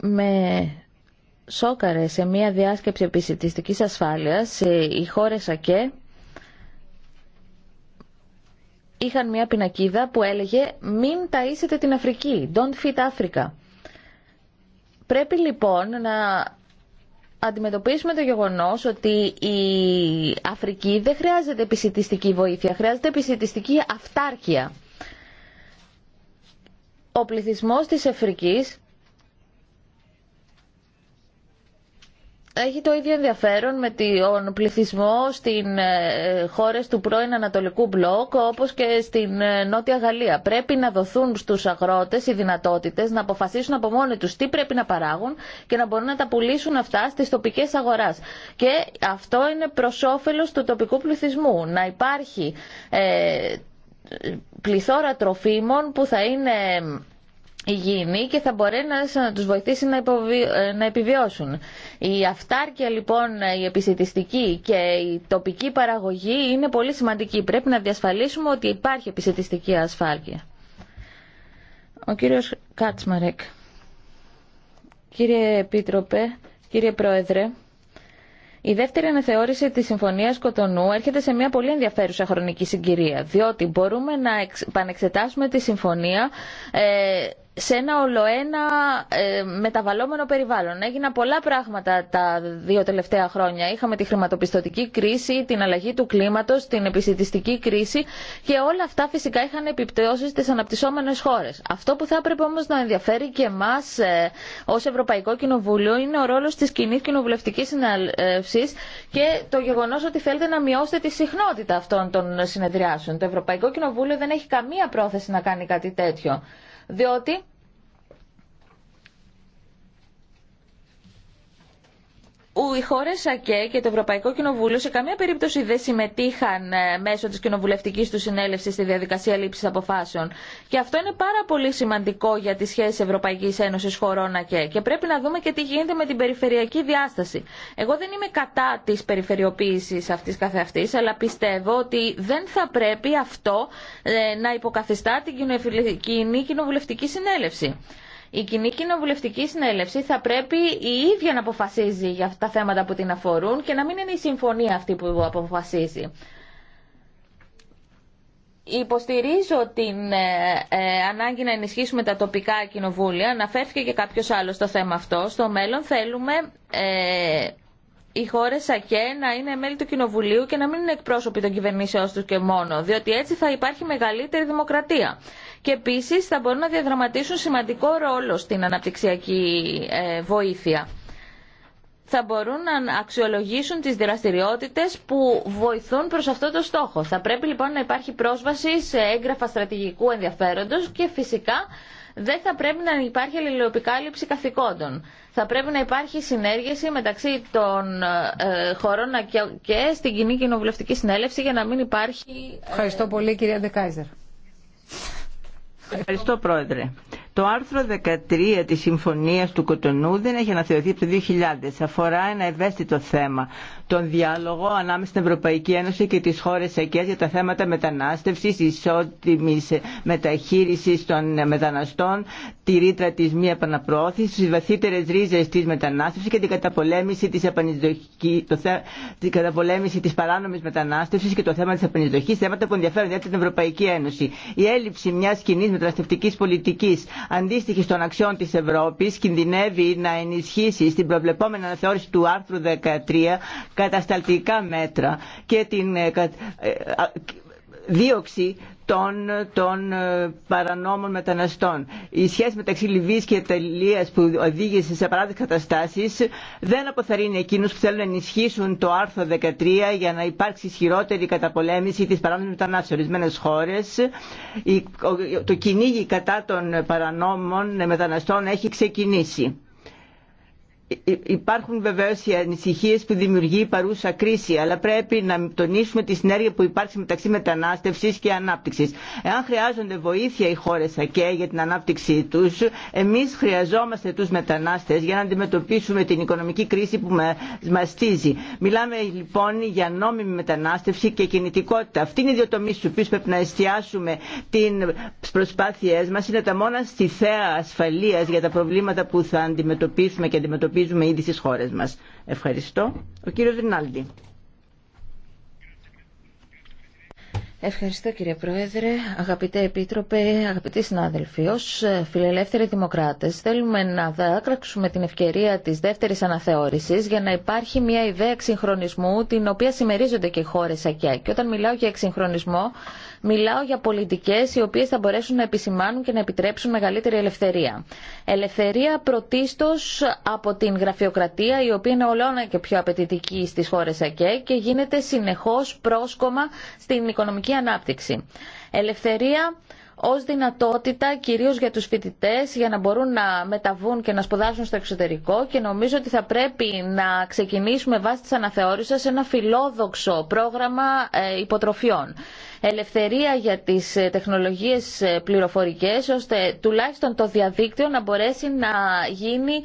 Με σόκαρε σε μια διάσκεψη επισητιστικής ασφάλειας οι χώρες ΑΚΕ είχαν μια πινακίδα που έλεγε «Μην ταΐσετε την Αφρική, don't feed Africa». Πρέπει λοιπόν να αντιμετωπίσουμε το γεγονός ότι η Αφρική δεν χρειάζεται επισητιστική βοήθεια, χρειάζεται επισητιστική αυτάρκεια. Ο πληθυσμός της Αφρικής έχει το ίδιο ενδιαφέρον με τον πληθυσμό στην ε, χώρες του πρώην Ανατολικού Μπλοκ όπως και στην ε, Νότια Γαλλία. Πρέπει να δοθούν στους αγρότες οι δυνατότητες να αποφασίσουν από μόνοι τους τι πρέπει να παράγουν και να μπορούν να τα πουλήσουν αυτά στις τοπικές αγοράς. Και αυτό είναι προς όφελος του τοπικού πληθυσμού. Να υπάρχει ε, πληθώρα τροφίμων που θα είναι υγιεινή και θα μπορεί να τους βοηθήσει ε, να επιβιώσουν. Η αυτάρκεια λοιπόν, η επισητιστική και η τοπική παραγωγή είναι πολύ σημαντική. Πρέπει να διασφαλίσουμε ότι υπάρχει επισητιστική ασφάλεια. Ο κύριος Κάτσμαρεκ. Κύριε Επίτροπε, κύριε Πρόεδρε, η δεύτερη αναθεώρηση της Συμφωνίας Κοτονού έρχεται σε μια πολύ ενδιαφέρουσα χρονική συγκυρία, διότι μπορούμε να επανεξετάσουμε τη Συμφωνία ε, σε ένα ολοένα ε, μεταβαλλόμενο περιβάλλον. Έγιναν πολλά πράγματα τα δύο τελευταία χρόνια. Είχαμε τη χρηματοπιστωτική κρίση, την αλλαγή του κλίματο, την επιστημιστική κρίση και όλα αυτά φυσικά είχαν επιπτώσει στις αναπτυσσόμενες χώρε. Αυτό που θα έπρεπε όμω να ενδιαφέρει και εμά ε, ως Ευρωπαϊκό Κοινοβούλιο είναι ο ρόλο τη κοινή κοινοβουλευτική. συνέλευση και το γεγονό ότι θέλετε να μειώσετε τη συχνότητα αυτών των συνεδριάσεων. Το Ευρωπαϊκό Κοινοβούλιο δεν έχει καμία πρόθεση να κάνει κάτι τέτοιο διότι οι χώρες ΑΚΕ και το Ευρωπαϊκό Κοινοβούλιο σε καμία περίπτωση δεν συμμετείχαν ε, μέσω της κοινοβουλευτικής του συνέλευσης στη διαδικασία λήψης αποφάσεων. Και αυτό είναι πάρα πολύ σημαντικό για τις σχέσεις Ευρωπαϊκής Ένωσης χωρών ΑΚΕ. Και πρέπει να δούμε και τι γίνεται με την περιφερειακή διάσταση. Εγώ δεν είμαι κατά της περιφερειοποίησης αυτής καθεαυτής, αλλά πιστεύω ότι δεν θα πρέπει αυτό ε, να υποκαθιστά την κοινή κοινοβουλευτική συνέλευση. Η κοινή κοινοβουλευτική συνέλευση θα πρέπει η ίδια να αποφασίζει για τα θέματα που την αφορούν και να μην είναι η συμφωνία αυτή που αποφασίζει. Υποστηρίζω την ε, ε, ανάγκη να ενισχύσουμε τα τοπικά κοινοβούλια. Αναφέρθηκε και κάποιος άλλος στο θέμα αυτό. Στο μέλλον θέλουμε ε, οι χώρε ΑΚΕ να είναι μέλη του Κοινοβουλίου και να μην είναι εκπρόσωποι των κυβερνήσεών του και μόνο, διότι έτσι θα υπάρχει μεγαλύτερη δημοκρατία και επίση θα μπορούν να διαδραματίσουν σημαντικό ρόλο στην αναπτυξιακή ε, βοήθεια θα μπορούν να αξιολογήσουν τι δραστηριότητε που βοηθούν προ αυτό το στόχο. Θα πρέπει λοιπόν να υπάρχει πρόσβαση σε έγγραφα στρατηγικού ενδιαφέροντος και φυσικά δεν θα πρέπει να υπάρχει αλληλεοπικάλυψη καθηκόντων. Θα πρέπει να υπάρχει συνέργεση μεταξύ των ε, χωρών και στην κοινή κοινοβουλευτική συνέλευση για να μην υπάρχει... Ε, Ευχαριστώ πολύ κυρία Ντεκάιζερ. Ευχαριστώ Πρόεδρε. Το άρθρο 13 της Συμφωνίας του Κοτονού δεν έχει αναθεωρηθεί από το 2000. Αφορά ένα ευαίσθητο θέμα τον διάλογο ανάμεσα στην Ευρωπαϊκή Ένωση και τις χώρες ΑΚΕΣ για τα θέματα μετανάστευσης, ισότιμης μεταχείρισης των μεταναστών, τη ρήτρα της μη επαναπρόθεσης, τις βαθύτερες ρίζες της μετανάστευσης και την καταπολέμηση της, το θε... καταπολέμηση της παράνομης μετανάστευσης και το θέμα της επανεισδοχής, θέματα που ενδιαφέρουν για την Ευρωπαϊκή Ένωση. Η έλλειψη μιας κοινή μεταναστευτικής πολιτικής αντίστοιχη των αξιών της Ευρώπης κινδυνεύει να ενισχύσει στην προβλεπόμενη αναθεώρηση του άρθρου 13 κατασταλτικά μέτρα και την ε, ε, δίωξη των, των ε, παρανόμων μεταναστών. Η σχέση μεταξύ Λιβύης και Ιταλίας που οδήγησε σε παράδειγμα καταστάσεις δεν αποθαρρύνει εκείνους που θέλουν να ενισχύσουν το άρθρο 13 για να υπάρξει ισχυρότερη καταπολέμηση της παράνομης Σε Ορισμένε χώρες το κυνήγι κατά των παρανόμων μεταναστών έχει ξεκινήσει. Υπάρχουν βεβαίως οι ανησυχίε που δημιουργεί η παρούσα κρίση, αλλά πρέπει να τονίσουμε τη συνέργεια που υπάρχει μεταξύ μετανάστευση και ανάπτυξη. Εάν χρειάζονται βοήθεια οι χώρε ΑΚΕ για την ανάπτυξή του, εμεί χρειαζόμαστε του μετανάστες για να αντιμετωπίσουμε την οικονομική κρίση που μας στίζει. Μιλάμε λοιπόν για νόμιμη μετανάστευση και κινητικότητα. Αυτή είναι η τομεί στου οποίου πρέπει να εστιάσουμε τι προσπάθειε μα Είναι τα μόνα στη θέα ασφαλείας για τα προβλήματα που θα αντιμετωπίσουμε και αντιμετωπίσουμε μας. Ευχαριστώ. Ο κύριος Ρινάλντι. Ευχαριστώ κύριε Πρόεδρε, αγαπητέ Επίτροπε, αγαπητοί συνάδελφοι. Ω ε, φιλελεύθεροι δημοκράτε, θέλουμε να δάκραξουμε την ευκαιρία τη δεύτερη αναθεώρησης για να υπάρχει μια ιδέα εξυγχρονισμού, την οποία συμμερίζονται και οι χώρε ΑΚΙΑ. Και όταν μιλάω για εξυγχρονισμό, Μιλάω για πολιτικέ, οι οποίε θα μπορέσουν να επισημάνουν και να επιτρέψουν μεγαλύτερη ελευθερία. Ελευθερία πρωτίστω από την γραφειοκρατία η οποία είναι ολόνα και πιο απαιτητική στις χώρε ΑΚΕ και γίνεται συνεχώς πρόσκομα στην οικονομική ανάπτυξη. Ελευθερία ως δυνατότητα κυρίως για τους φοιτητές για να μπορούν να μεταβούν και να σπουδάσουν στο εξωτερικό και νομίζω ότι θα πρέπει να ξεκινήσουμε βάσει της αναθεώρησης ένα φιλόδοξο πρόγραμμα ε, υποτροφιών. Ελευθερία για τις ε, τεχνολογίες ε, πληροφορικές ώστε τουλάχιστον το διαδίκτυο να μπορέσει να γίνει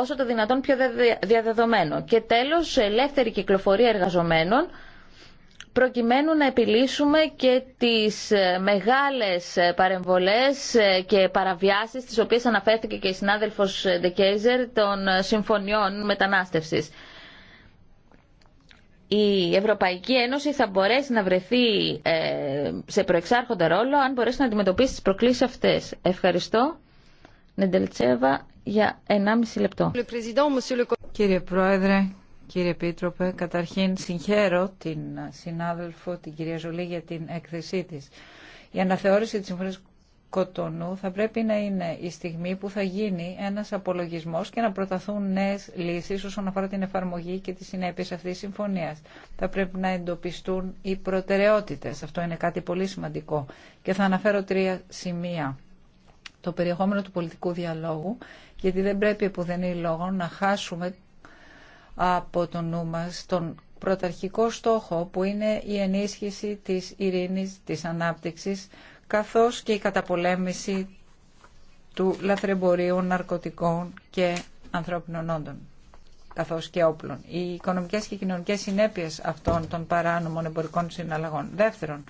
όσο το δυνατόν πιο διαδεδομένο. Και τέλος, ελεύθερη κυκλοφορία εργαζομένων προκειμένου να επιλύσουμε και τις ε, μεγάλες ε, παρεμβολές ε, και παραβιάσεις τις οποίες αναφέρθηκε και η συνάδελφος Ντεκέιζερ των συμφωνιών μετανάστευσης. Η Ευρωπαϊκή Ένωση θα μπορέσει να βρεθεί σε προεξάρχοντα ρόλο αν μπορέσει να αντιμετωπίσει τις προκλήσεις αυτές. Ευχαριστώ. Νεντελτσέβα για 1,5 λεπτό. Κύριε Πρόεδρε, Κύριε Επίτροπε, καταρχήν συγχαίρω την συνάδελφο, την κυρία Ζολή, για την έκθεσή της. Η αναθεώρηση της Συμφωνίας Κοτονού θα πρέπει να είναι η στιγμή που θα γίνει ένας απολογισμός και να προταθούν νέες λύσεις όσον αφορά την εφαρμογή και τις συνέπειες αυτής της συμφωνίας. Θα πρέπει να εντοπιστούν οι προτεραιότητες. Αυτό είναι κάτι πολύ σημαντικό. Και θα αναφέρω τρία σημεία το περιεχόμενο του πολιτικού διαλόγου, γιατί δεν πρέπει που δεν είναι λόγο να χάσουμε από το νου μας τον πρωταρχικό στόχο που είναι η ενίσχυση της ειρήνης, της ανάπτυξης καθώς και η καταπολέμηση του λαθρεμπορίου ναρκωτικών και ανθρώπινων όντων καθώς και όπλων. Οι οικονομικές και κοινωνικές συνέπειες αυτών των παράνομων εμπορικών συναλλαγών. Δεύτερον,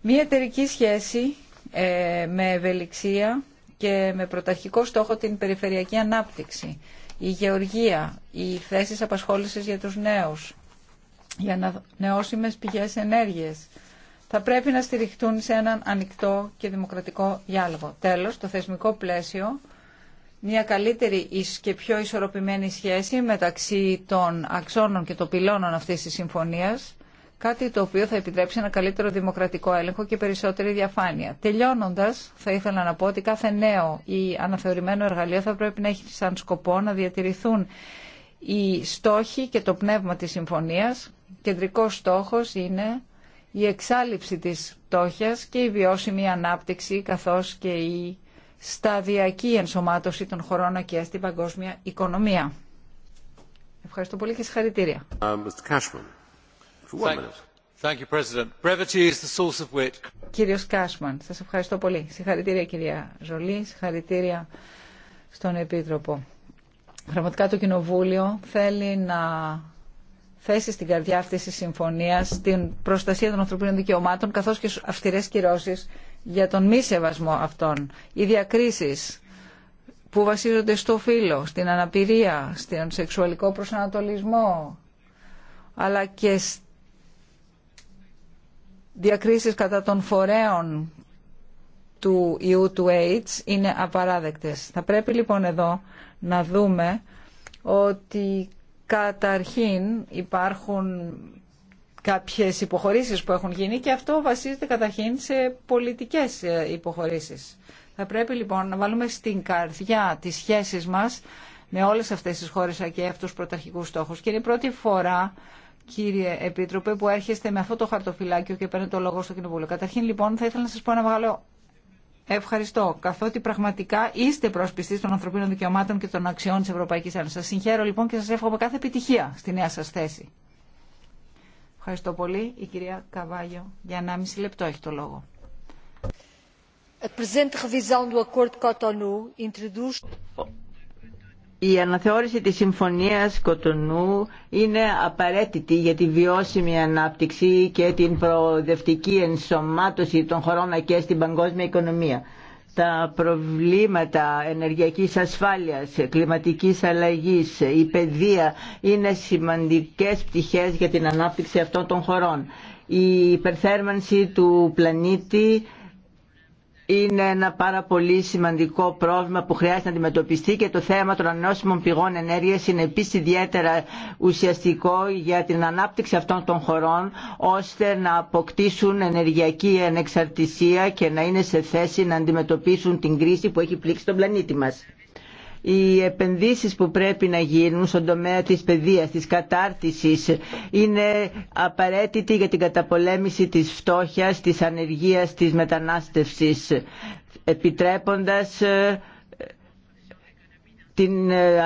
μια εταιρική σχέση ε, με ευελιξία και με πρωταρχικό στόχο την περιφερειακή ανάπτυξη η γεωργία, οι θέσεις απασχόλησης για τους νέους, για να νεώσιμες πηγές ενέργειας. Θα πρέπει να στηριχτούν σε έναν ανοιχτό και δημοκρατικό διάλογο. Τέλος, το θεσμικό πλαίσιο, μια καλύτερη και πιο ισορροπημένη σχέση μεταξύ των αξώνων και των πυλώνων αυτής της συμφωνίας, κάτι το οποίο θα επιτρέψει ένα καλύτερο δημοκρατικό έλεγχο και περισσότερη διαφάνεια. Τελειώνοντα, θα ήθελα να πω ότι κάθε νέο ή αναθεωρημένο εργαλείο θα πρέπει να έχει σαν σκοπό να διατηρηθούν οι στόχοι και το πνεύμα της συμφωνίας. Κεντρικός στόχος είναι η εξάλληψη της πτώχειας και η βιώσιμη ανάπτυξη καθώς και η σταδιακή ενσωμάτωση των χωρών και στην παγκόσμια οικονομία. Ευχαριστώ πολύ και συγχαρητήρια. Uh, Κύριος Κάσμαν, σας ευχαριστώ πολύ. Συγχαρητήρια κυρία Ζολή, συγχαρητήρια στον Επίτροπο. Πραγματικά το Κοινοβούλιο θέλει να θέσει στην καρδιά αυτής της συμφωνίας την προστασία των ανθρωπίνων δικαιωμάτων καθώς και αυστηρές κυρώσεις για τον μη σεβασμό αυτών. Οι διακρίσεις που βασίζονται στο φύλλο, στην αναπηρία, στον σεξουαλικό προσανατολισμό αλλά και διακρίσεις κατά των φορέων του ιού του AIDS είναι απαράδεκτες. Θα πρέπει λοιπόν εδώ να δούμε ότι καταρχήν υπάρχουν κάποιες υποχωρήσεις που έχουν γίνει και αυτό βασίζεται καταρχήν σε πολιτικές ε, υποχωρήσεις. Θα πρέπει λοιπόν να βάλουμε στην καρδιά τις σχέσεις μας με όλες αυτές τις χώρες και αυτούς τους πρωταρχικούς στόχους και είναι η πρώτη φορά κύριε Επίτροπε, που έρχεστε με αυτό το χαρτοφυλάκιο και παίρνετε το λόγο στο Κοινοβούλιο. Καταρχήν, λοιπόν, θα ήθελα να σα πω ένα μεγάλο ευχαριστώ, καθότι πραγματικά είστε πρόσπιστοι των ανθρωπίνων δικαιωμάτων και των αξιών τη Ευρωπαϊκή Ένωση. Σα συγχαίρω, λοιπόν, και σα εύχομαι κάθε επιτυχία στη νέα σα θέση. Ευχαριστώ πολύ. Η κυρία Καβάγιο, για 1,5 λεπτό έχει το λόγο. Η αναθεώρηση της Συμφωνίας Κοτονού είναι απαραίτητη για τη βιώσιμη ανάπτυξη και την προοδευτική ενσωμάτωση των χωρών και στην παγκόσμια οικονομία. Τα προβλήματα ενεργειακής ασφάλειας, κλιματικής αλλαγής, η παιδεία είναι σημαντικές πτυχές για την ανάπτυξη αυτών των χωρών. Η υπερθέρμανση του πλανήτη είναι ένα πάρα πολύ σημαντικό πρόβλημα που χρειάζεται να αντιμετωπιστεί και το θέμα των ανανεώσιμων πηγών ενέργειας είναι επίσης ιδιαίτερα ουσιαστικό για την ανάπτυξη αυτών των χωρών ώστε να αποκτήσουν ενεργειακή ανεξαρτησία και να είναι σε θέση να αντιμετωπίσουν την κρίση που έχει πλήξει τον πλανήτη μας οι επενδύσεις που πρέπει να γίνουν στον τομέα της παιδείας, της κατάρτισης είναι απαραίτητη για την καταπολέμηση της φτώχειας, της ανεργίας, της μετανάστευσης επιτρέποντας ε, την ε,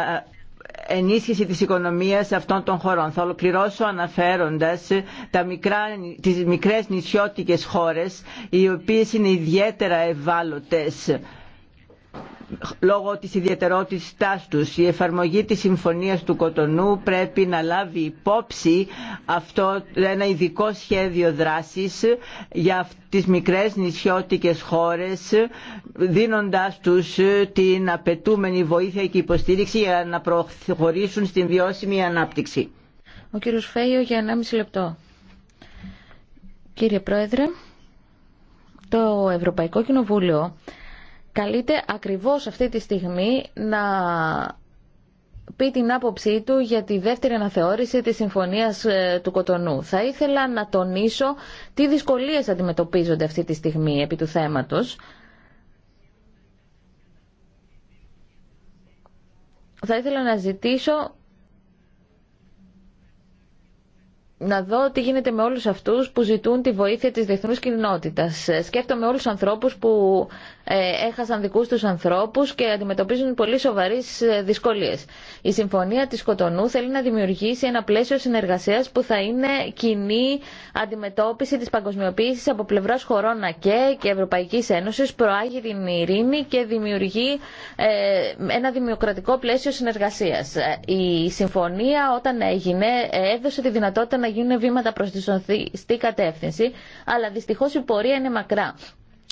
ενίσχυση της οικονομίας αυτών των χωρών. Θα ολοκληρώσω αναφέροντας τα μικρά, τις μικρές νησιώτικες χώρες οι οποίες είναι ιδιαίτερα ευάλωτες λόγω της ιδιαιτερότητάς τους. Η εφαρμογή της Συμφωνίας του Κοτονού πρέπει να λάβει υπόψη αυτό ένα ειδικό σχέδιο δράσης για τις μικρές νησιώτικες χώρες δίνοντάς τους την απαιτούμενη βοήθεια και υποστήριξη για να προχωρήσουν στην βιώσιμη ανάπτυξη. Ο κύριος Φέιο για 1,5 λεπτό. Κύριε Πρόεδρε, το Ευρωπαϊκό Κοινοβούλιο καλείται ακριβώς αυτή τη στιγμή να πει την άποψή του για τη δεύτερη αναθεώρηση της Συμφωνίας ε, του Κοτονού. Θα ήθελα να τονίσω τι δυσκολίες αντιμετωπίζονται αυτή τη στιγμή επί του θέματος. Θα ήθελα να ζητήσω να δω τι γίνεται με όλους αυτούς που ζητούν τη βοήθεια της διεθνούς κοινότητας. Ε, σκέφτομαι όλους τους ανθρώπους που ε, έχασαν δικούς τους ανθρώπους και αντιμετωπίζουν πολύ σοβαρές ε, δυσκολίες. Η Συμφωνία της Κοτονού θέλει να δημιουργήσει ένα πλαίσιο συνεργασίας που θα είναι κοινή αντιμετώπιση της παγκοσμιοποίησης από πλευράς χωρών ΑΚΕ και Ευρωπαϊκής Ένωσης, προάγει την ειρήνη και δημιουργεί ε, ένα δημοκρατικό πλαίσιο συνεργασίας. Η Συμφωνία όταν έγινε έδωσε τη δυνατότητα να γίνουν βήματα προς τη σωστή κατεύθυνση, αλλά δυστυχώς η πορεία είναι μακρά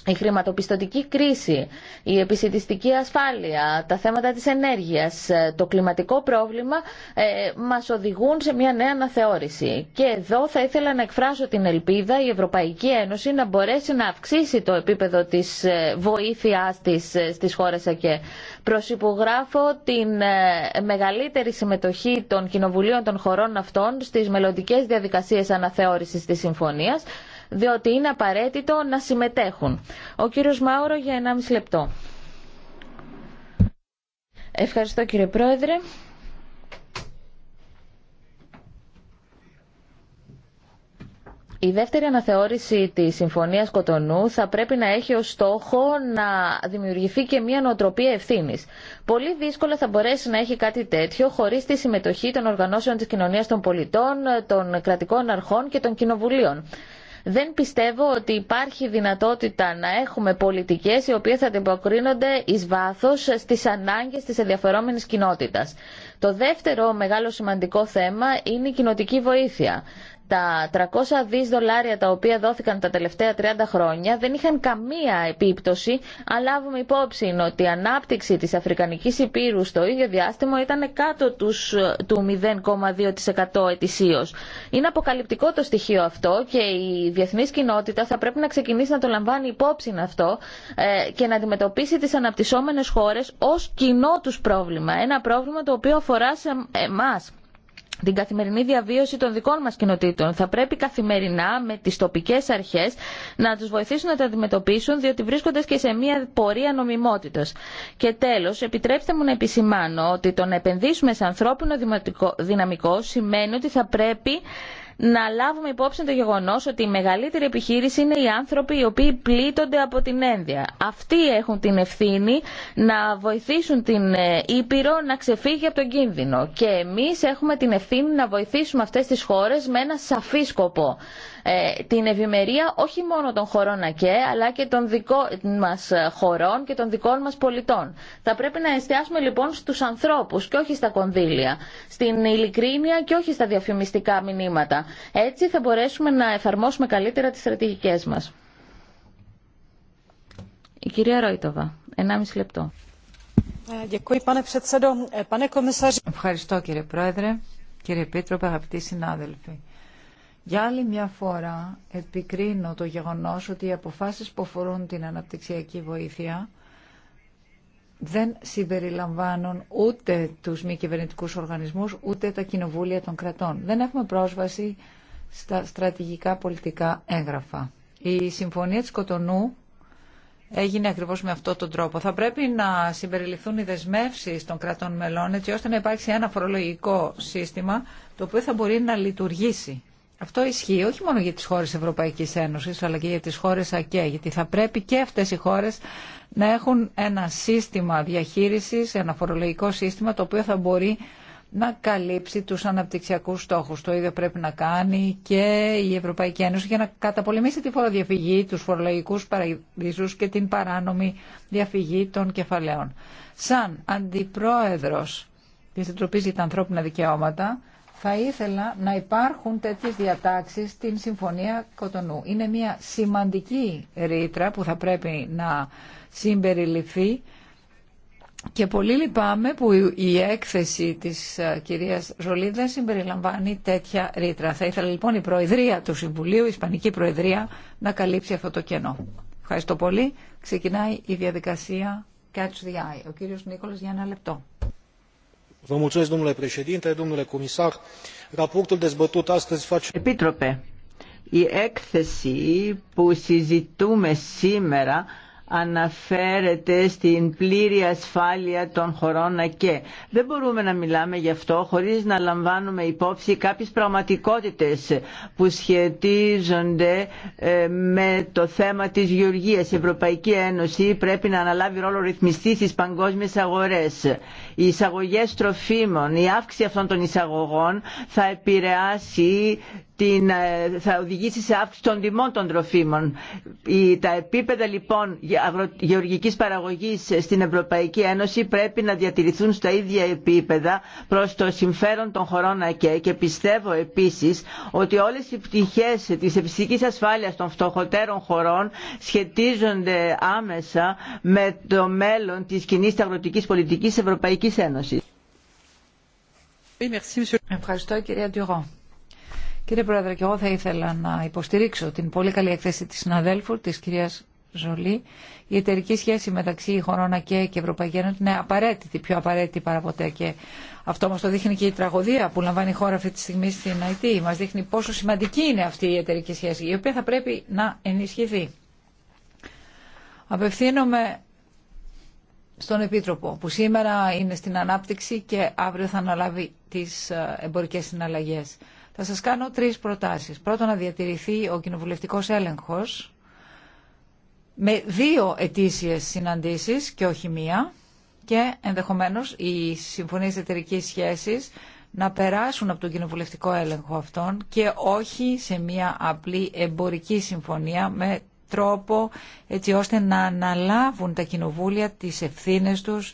η χρηματοπιστωτική κρίση, η επισητιστική ασφάλεια, τα θέματα της ενέργειας, ε, το κλιματικό πρόβλημα ε, μας οδηγούν σε μια νέα αναθεώρηση. Και εδώ θα ήθελα να εκφράσω την ελπίδα η Ευρωπαϊκή Ένωση να μπορέσει να αυξήσει το επίπεδο της ε, βοήθειάς της ε, στις χώρες ΑΚΕ. Προσυπογράφω την μεγαλύτερη συμμετοχή των κοινοβουλίων των χωρών αυτών στις μελλοντικέ διαδικασίες αναθεώρησης της συμφωνίας διότι είναι απαραίτητο να συμμετέχουν. Ο κύριος Μάουρο για 1,5 λεπτό. Ευχαριστώ κύριε Πρόεδρε. Η δεύτερη αναθεώρηση της Συμφωνίας Κοτονού θα πρέπει να έχει ως στόχο να δημιουργηθεί και μια νοοτροπία ευθύνης. Πολύ δύσκολα θα μπορέσει να έχει κάτι τέτοιο χωρίς τη συμμετοχή των οργανώσεων της κοινωνίας των πολιτών, των κρατικών αρχών και των κοινοβουλίων δεν πιστεύω ότι υπάρχει δυνατότητα να έχουμε πολιτικές οι οποίες θα αντιποκρίνονται εις βάθος στις ανάγκες της ενδιαφερόμενης κοινότητας. Το δεύτερο μεγάλο σημαντικό θέμα είναι η κοινοτική βοήθεια τα 300 δις δολάρια τα οποία δόθηκαν τα τελευταία 30 χρόνια δεν είχαν καμία επίπτωση αλλά λάβουμε υπόψη ότι η ανάπτυξη της Αφρικανικής Υπήρου στο ίδιο διάστημα ήταν κάτω τους, του 0,2% ετησίω. Είναι αποκαλυπτικό το στοιχείο αυτό και η διεθνής κοινότητα θα πρέπει να ξεκινήσει να το λαμβάνει υπόψη αυτό ε, και να αντιμετωπίσει τις αναπτυσσόμενες χώρες ως κοινό τους πρόβλημα. Ένα πρόβλημα το οποίο αφορά σε εμάς την καθημερινή διαβίωση των δικών μας κοινοτήτων. Θα πρέπει καθημερινά με τις τοπικές αρχές να τους βοηθήσουν να τα αντιμετωπίσουν διότι βρίσκονται και σε μια πορεία νομιμότητας. Και τέλος, επιτρέψτε μου να επισημάνω ότι το να επενδύσουμε σε ανθρώπινο δυναμικό σημαίνει ότι θα πρέπει να λάβουμε υπόψη το γεγονό ότι η μεγαλύτερη επιχείρηση είναι οι άνθρωποι οι οποίοι πλήττονται από την ένδια. Αυτοί έχουν την ευθύνη να βοηθήσουν την ε, Ήπειρο να ξεφύγει από τον κίνδυνο. Και εμεί έχουμε την ευθύνη να βοηθήσουμε αυτέ τι χώρε με ένα σαφή σκοπό ε, την ευημερία όχι μόνο των χωρών ΑΚΕ, αλλά και των δικών μας χωρών και των δικών μας πολιτών. Θα πρέπει να εστιάσουμε λοιπόν στους ανθρώπους και όχι στα κονδύλια, στην ειλικρίνεια και όχι στα διαφημιστικά μηνύματα. Έτσι θα μπορέσουμε να εφαρμόσουμε καλύτερα τις στρατηγικές μας. Η κυρία Ρόιτοβα, 1,5 λεπτό. Ε, ε, Ευχαριστώ κύριε Πρόεδρε, κύριε Επίτροπε, αγαπητοί συνάδελφοι. Για άλλη μια φορά επικρίνω το γεγονός ότι οι αποφάσεις που αφορούν την αναπτυξιακή βοήθεια δεν συμπεριλαμβάνουν ούτε τους μη κυβερνητικού οργανισμούς, ούτε τα κοινοβούλια των κρατών. Δεν έχουμε πρόσβαση στα στρατηγικά πολιτικά έγγραφα. Η Συμφωνία της Κοτονού έγινε ακριβώς με αυτόν τον τρόπο. Θα πρέπει να συμπεριληφθούν οι δεσμεύσει των κρατών μελών, έτσι ώστε να υπάρξει ένα φορολογικό σύστημα το οποίο θα μπορεί να λειτουργήσει. Αυτό ισχύει όχι μόνο για τις χώρες Ευρωπαϊκής Ένωσης, αλλά και για τις χώρες ΑΚΕ, γιατί θα πρέπει και αυτές οι χώρες να έχουν ένα σύστημα διαχείρισης, ένα φορολογικό σύστημα, το οποίο θα μπορεί να καλύψει τους αναπτυξιακούς στόχους. Το ίδιο πρέπει να κάνει και η Ευρωπαϊκή Ένωση για να καταπολεμήσει τη φοροδιαφυγή, τους φορολογικούς παραδείσους και την παράνομη διαφυγή των κεφαλαίων. Σαν αντιπρόεδρος της Επιτροπής για τα Ανθρώπινα Δικαιώματα, θα ήθελα να υπάρχουν τέτοιες διατάξεις στην Συμφωνία Κοτονού. Είναι μια σημαντική ρήτρα που θα πρέπει να συμπεριληφθεί και πολύ λυπάμαι που η έκθεση της ε, κυρίας Ζολή δεν συμπεριλαμβάνει τέτοια ρήτρα. Θα ήθελα λοιπόν η Προεδρία του Συμβουλίου, η Ισπανική Προεδρία, να καλύψει αυτό το κενό. Ευχαριστώ πολύ. Ξεκινάει η διαδικασία Catch the Eye. Ο κύριος Νίκολας για ένα λεπτό. Επίτροπε, η έκθεση που συζητούμε σήμερα αναφέρεται στην πλήρη ασφάλεια των χωρών ΑΚΕ. Δεν μπορούμε να μιλάμε γι' αυτό χωρίς να λαμβάνουμε υπόψη κάποιες πραγματικότητες που σχετίζονται ε, με το θέμα της γεωργίας. Η Ευρωπαϊκή Ένωση πρέπει να αναλάβει ρόλο ρυθμιστή στις παγκόσμιες αγορές. Οι εισαγωγές τροφίμων, η αύξηση αυτών των εισαγωγών θα επηρεάσει την, ε, θα οδηγήσει σε αύξηση των τιμών των τροφίμων. τα επίπεδα λοιπόν γεωργικής παραγωγής στην Ευρωπαϊκή Ένωση πρέπει να διατηρηθούν στα ίδια επίπεδα προς το συμφέρον των χωρών ΑΚΕ και πιστεύω επίσης ότι όλες οι πτυχές της επιστημική ασφάλειας των φτωχοτέρων χωρών σχετίζονται άμεσα με το μέλλον της κοινή αγροτικής πολιτικής Ευρωπαϊκής Ένωσης. Ευχαριστώ κυρία Κύριε Πρόεδρε, και εγώ θα ήθελα να υποστηρίξω την πολύ καλή εκθέση της συναδέλφου, της κυρίας Ζολή. Η εταιρική σχέση μεταξύ χωρών ΑΚΕ και Ευρωπαϊκή Ένωση είναι απαραίτητη, πιο απαραίτητη παρά Και αυτό μα το δείχνει και η τραγωδία που λαμβάνει η χώρα αυτή τη στιγμή στην ΑΕΤ. Μα δείχνει πόσο σημαντική είναι αυτή η εταιρική σχέση, η οποία θα πρέπει να ενισχυθεί. Απευθύνομαι στον Επίτροπο, που σήμερα είναι στην ανάπτυξη και αύριο θα αναλάβει τι ε, εμπορικέ συναλλαγέ. Θα σας κάνω τρεις προτάσεις. Πρώτον, να διατηρηθεί ο κοινοβουλευτικός έλεγχος με δύο ετήσιες συναντήσεις και όχι μία και ενδεχομένως οι συμφωνίες εταιρική σχέσης να περάσουν από τον κοινοβουλευτικό έλεγχο αυτών και όχι σε μία απλή εμπορική συμφωνία με τρόπο έτσι ώστε να αναλάβουν τα κοινοβούλια τις ευθύνες τους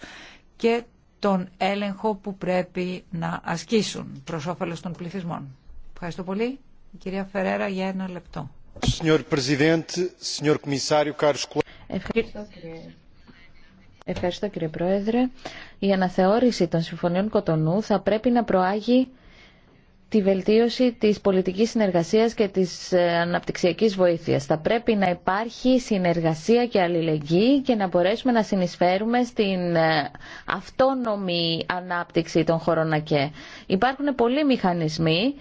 και τον έλεγχο που πρέπει να ασκήσουν προς όφελος των πληθυσμών. Ευχαριστώ πολύ. κυρία Φερέρα για ένα λεπτό. Ευχαριστώ κύριε. Πρόεδρε. Η αναθεώρηση των συμφωνιών Κοτονού θα πρέπει να προάγει τη βελτίωση της πολιτικής συνεργασίας και της ε, αναπτυξιακής βοήθειας. Θα πρέπει να υπάρχει συνεργασία και αλληλεγγύη και να μπορέσουμε να συνεισφέρουμε στην ε, αυτόνομη ανάπτυξη των χωρών ΑΚΕ. Υπάρχουν πολλοί μηχανισμοί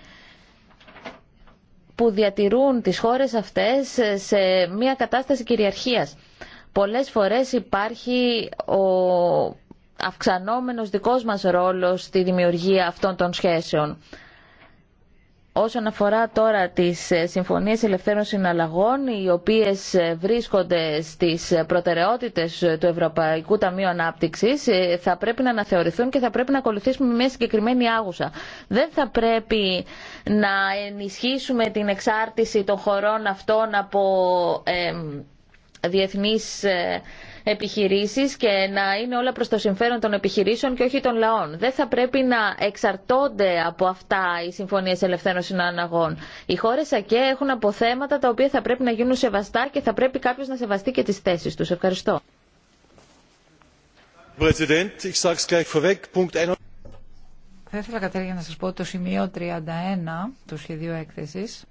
που διατηρούν τις χώρες αυτές σε μια κατάσταση κυριαρχίας. Πολλές φορές υπάρχει ο αυξανόμενος δικός μας ρόλος στη δημιουργία αυτών των σχέσεων. Όσον αφορά τώρα τις ε, συμφωνίες ελευθέρων συναλλαγών, οι οποίες ε, βρίσκονται στις προτεραιότητες του Ευρωπαϊκού Ταμείου Ανάπτυξης, ε, θα πρέπει να αναθεωρηθούν και θα πρέπει να ακολουθήσουμε μια συγκεκριμένη άγουσα. Δεν θα πρέπει να ενισχύσουμε την εξάρτηση των χωρών αυτών από ε, επιχειρήσεις και να είναι όλα προς το συμφέρον των επιχειρήσεων και όχι των λαών. Δεν θα πρέπει να εξαρτώνται από αυτά οι συμφωνίες ελευθέρων συναναγών. Οι χώρες ΑΚΕ έχουν αποθέματα τα οποία θα πρέπει να γίνουν σεβαστά και θα πρέπει κάποιο να σεβαστεί και τις θέσεις τους. Ευχαριστώ. Θα ήθελα κατέργεια να σας πω το σημείο 31 του σχεδίου έκθεσης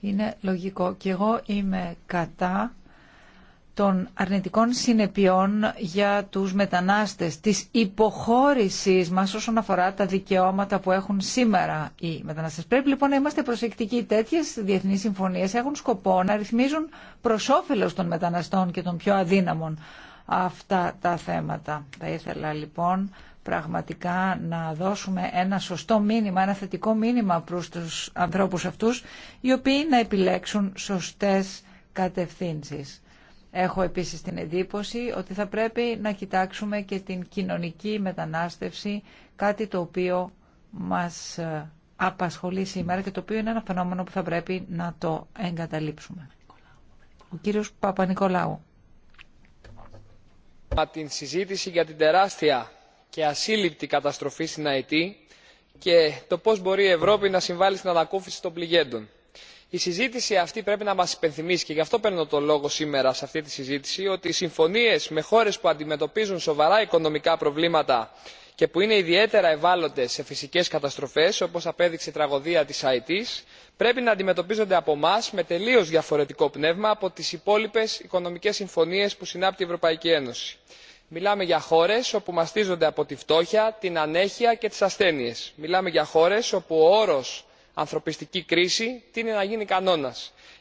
είναι λογικό και εγώ είμαι κατά των αρνητικών συνεπειών για τους μετανάστες, της υποχώρησης μας όσον αφορά τα δικαιώματα που έχουν σήμερα οι μετανάστες. Πρέπει λοιπόν να είμαστε προσεκτικοί. Τέτοιες διεθνείς συμφωνίες έχουν σκοπό να ρυθμίζουν προς όφελος των μεταναστών και των πιο αδύναμων αυτά τα θέματα. Θα ήθελα λοιπόν πραγματικά να δώσουμε ένα σωστό μήνυμα, ένα θετικό μήνυμα προς τους ανθρώπους αυτούς, οι οποίοι να επιλέξουν σωστές κατευθύνσεις. Έχω επίσης την εντύπωση ότι θα πρέπει να κοιτάξουμε και την κοινωνική μετανάστευση, κάτι το οποίο μας ε, απασχολεί σήμερα και το οποίο είναι ένα φαινόμενο που θα πρέπει να το εγκαταλείψουμε. Ο κύριος Παπα-Νικολάου. Την συζήτηση για την τεράστια και ασύλληπτη καταστροφή στην ΑΕΤ και το πώς μπορεί η Ευρώπη να συμβάλλει στην ανακούφιση των πληγέντων η συζήτηση αυτή πρέπει να μα υπενθυμίσει και γι' αυτό παίρνω το λόγο σήμερα σε αυτή τη συζήτηση ότι οι συμφωνίες με χώρε που αντιμετωπίζουν σοβαρά οικονομικά προβλήματα και που είναι ιδιαίτερα ευάλωτε σε φυσικέ καταστροφέ, όπω απέδειξε η τραγωδία τη Αϊτή, πρέπει να αντιμετωπίζονται από εμά με τελείω διαφορετικό πνεύμα από τι υπόλοιπε οικονομικέ συμφωνίε που συνάπτει η ευρωπαϊκή ένωση. μιλάμε για χώρε όπου μαστίζονται από τη φτώχεια την ανέχεια και τι ασθένειε. μιλάμε για χώρε όπου ο όρο ανθρωπιστική κρίση είναι να γίνει κανόνα.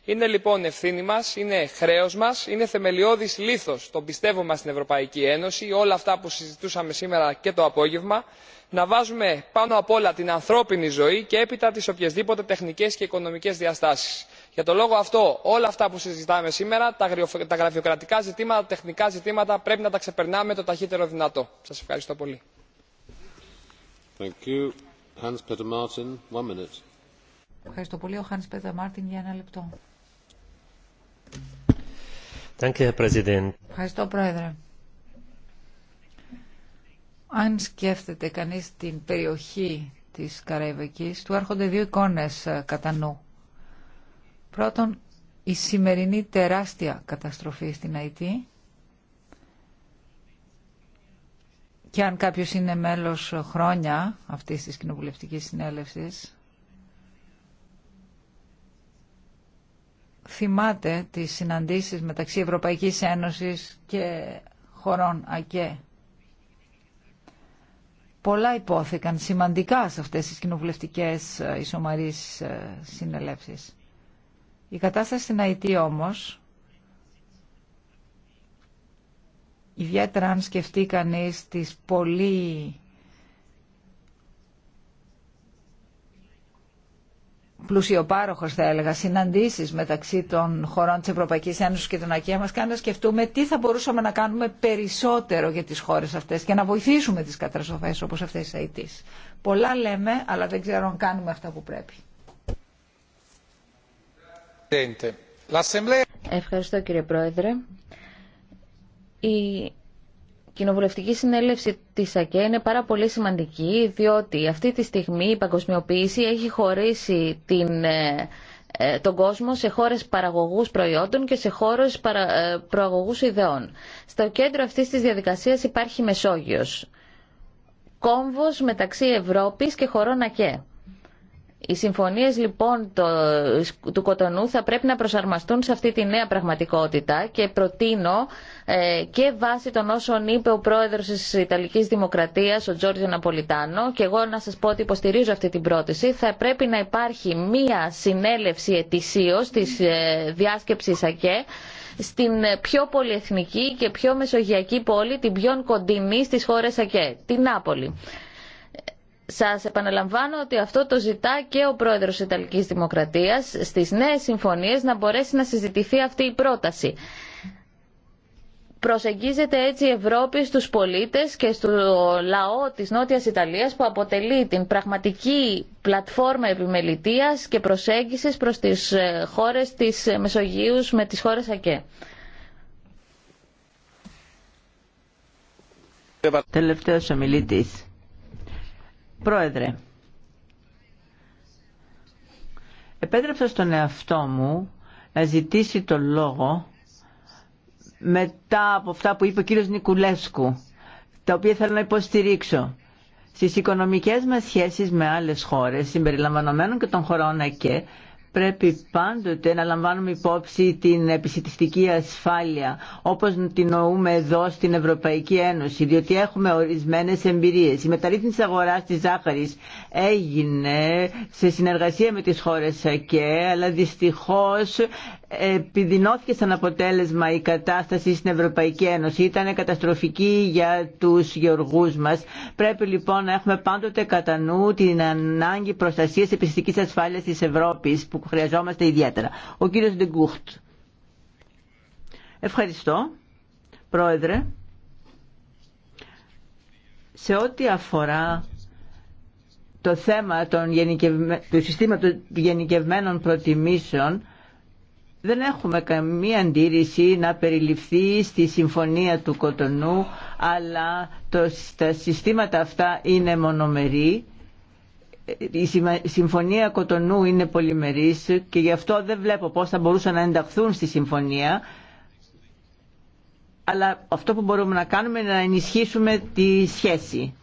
είναι λοιπόν ευθύνη μα, είναι χρέο μα, είναι θεμελιώδη λήθος των πιστεύω μα στην ευρωπαϊκή ένωση όλα αυτά που συζητούσαμε σήμερα και το απόγευμα να βάζουμε πάνω απ' όλα την ανθρώπινη ζωή και έπειτα τι οποιασδήποτε τεχνικέ και οικονομικέ διαστάσει. για τον λόγο αυτό όλα αυτά που συζητάμε σήμερα τα γραφειοκρατικά ζητήματα τα τεχνικά ζητήματα πρέπει να τα ξεπερνάμε το ταχύτερο δυνατό. Σα ευχαριστώ πολύ. Ευχαριστώ πολύ. Ο Χάνη Πέδρα Μάρτιν για ένα λεπτό. Ευχαριστώ, Πρόεδρε. Αν σκέφτεται κανείς την περιοχή της Καραϊβικής, του έρχονται δύο εικόνες ε, κατά νου. Πρώτον, η σημερινή τεράστια καταστροφή στην ΑΕΤ και αν κάποιος είναι μέλος ε, χρόνια αυτής της κοινοβουλευτικής συνέλευσης θυμάται τις συναντήσεις μεταξύ Ευρωπαϊκής Ένωσης και χωρών ΑΚΕ. Πολλά υπόθηκαν σημαντικά σε αυτές τις κοινοβουλευτικές ε, ισομαρείς ε, συνελεύσεις. Η κατάσταση στην Αιτή όμως, ιδιαίτερα αν σκεφτεί κανείς τις πολύ πλουσιοπάροχος θα έλεγα, συναντήσεις μεταξύ των χωρών της Ευρωπαϊκής Ένωσης και των Ακία μας και να σκεφτούμε τι θα μπορούσαμε να κάνουμε περισσότερο για τις χώρες αυτές και να βοηθήσουμε τις καταστροφές όπως αυτές οι ΑΕΤΗΣ. Πολλά λέμε, αλλά δεν ξέρω αν κάνουμε αυτά που πρέπει. Ευχαριστώ κύριε Πρόεδρε. Η κοινοβουλευτική συνέλευση τη ΑΚΕ είναι πάρα πολύ σημαντική διότι αυτή τη στιγμή η παγκοσμιοποίηση έχει χωρίσει ε, ε, τον κόσμο σε χώρε παραγωγού προϊόντων και σε χώρε προαγωγού ε, προαγωγούς ιδεών. Στο κέντρο αυτή της διαδικασία υπάρχει Μεσόγειος. κόμβο μεταξύ Ευρώπη και χωρών ΑΚΕ. Οι συμφωνίες λοιπόν του Κοτονού θα πρέπει να προσαρμαστούν σε αυτή τη νέα πραγματικότητα και προτείνω ε, και βάσει των όσων είπε ο πρόεδρος της Ιταλικής Δημοκρατίας, ο Τζόρτζο Ναπολιτάνο, και εγώ να σας πω ότι υποστηρίζω αυτή την πρόταση, θα πρέπει να υπάρχει μία συνέλευση ετησίως της ε, διάσκεψης ΑΚΕ, στην πιο πολυεθνική και πιο μεσογειακή πόλη, την πιο κοντινή στις χώρες ΑΚΕ, την Νάπολη. Σας επαναλαμβάνω ότι αυτό το ζητά και ο πρόεδρος της Ιταλικής Δημοκρατίας στις νέες συμφωνίες να μπορέσει να συζητηθεί αυτή η πρόταση. Προσεγγίζεται έτσι η Ευρώπη στους πολίτες και στο λαό της Νότιας Ιταλίας που αποτελεί την πραγματική πλατφόρμα επιμελητίας και προσέγγισης προς τις ε, χώρες της Μεσογείου με τις χώρες ΑΚΕ. Τελευταίος ομιλητής. Πρόεδρε, επέτρεψα στον εαυτό μου να ζητήσει το λόγο μετά από αυτά που είπε ο κύριος Νικουλέσκου, τα οποία θέλω να υποστηρίξω. Στις οικονομικές μας σχέσεις με άλλες χώρες, συμπεριλαμβανομένων και των χωρών ΑΚΕ, πρέπει πάντοτε να λαμβάνουμε υπόψη την επισητιστική ασφάλεια όπως την νοούμε εδώ στην Ευρωπαϊκή Ένωση διότι έχουμε ορισμένες εμπειρίες. Η μεταρρύθμιση αγοράς της ζάχαρης έγινε σε συνεργασία με τις χώρες ΑΚΕ αλλά δυστυχώς επιδεινώθηκε σαν αποτέλεσμα η κατάσταση στην Ευρωπαϊκή Ένωση. Ήταν καταστροφική για τους γεωργούς μας. Πρέπει λοιπόν να έχουμε πάντοτε κατά νου την ανάγκη προστασίας επιστικής ασφάλειας της Ευρώπης που χρειαζόμαστε ιδιαίτερα. Ο κύριος Ντεγκούχτ. Ευχαριστώ. Πρόεδρε, σε ό,τι αφορά το θέμα των του συστήματος γενικευμένων προτιμήσεων, δεν έχουμε καμία αντίρρηση να περιληφθεί στη συμφωνία του Κοτονού, αλλά το, τα συστήματα αυτά είναι μονομερή. Η συμφωνία Κοτονού είναι πολυμερής και γι' αυτό δεν βλέπω πώς θα μπορούσαν να ενταχθούν στη συμφωνία. Αλλά αυτό που μπορούμε να κάνουμε είναι να ενισχύσουμε τη σχέση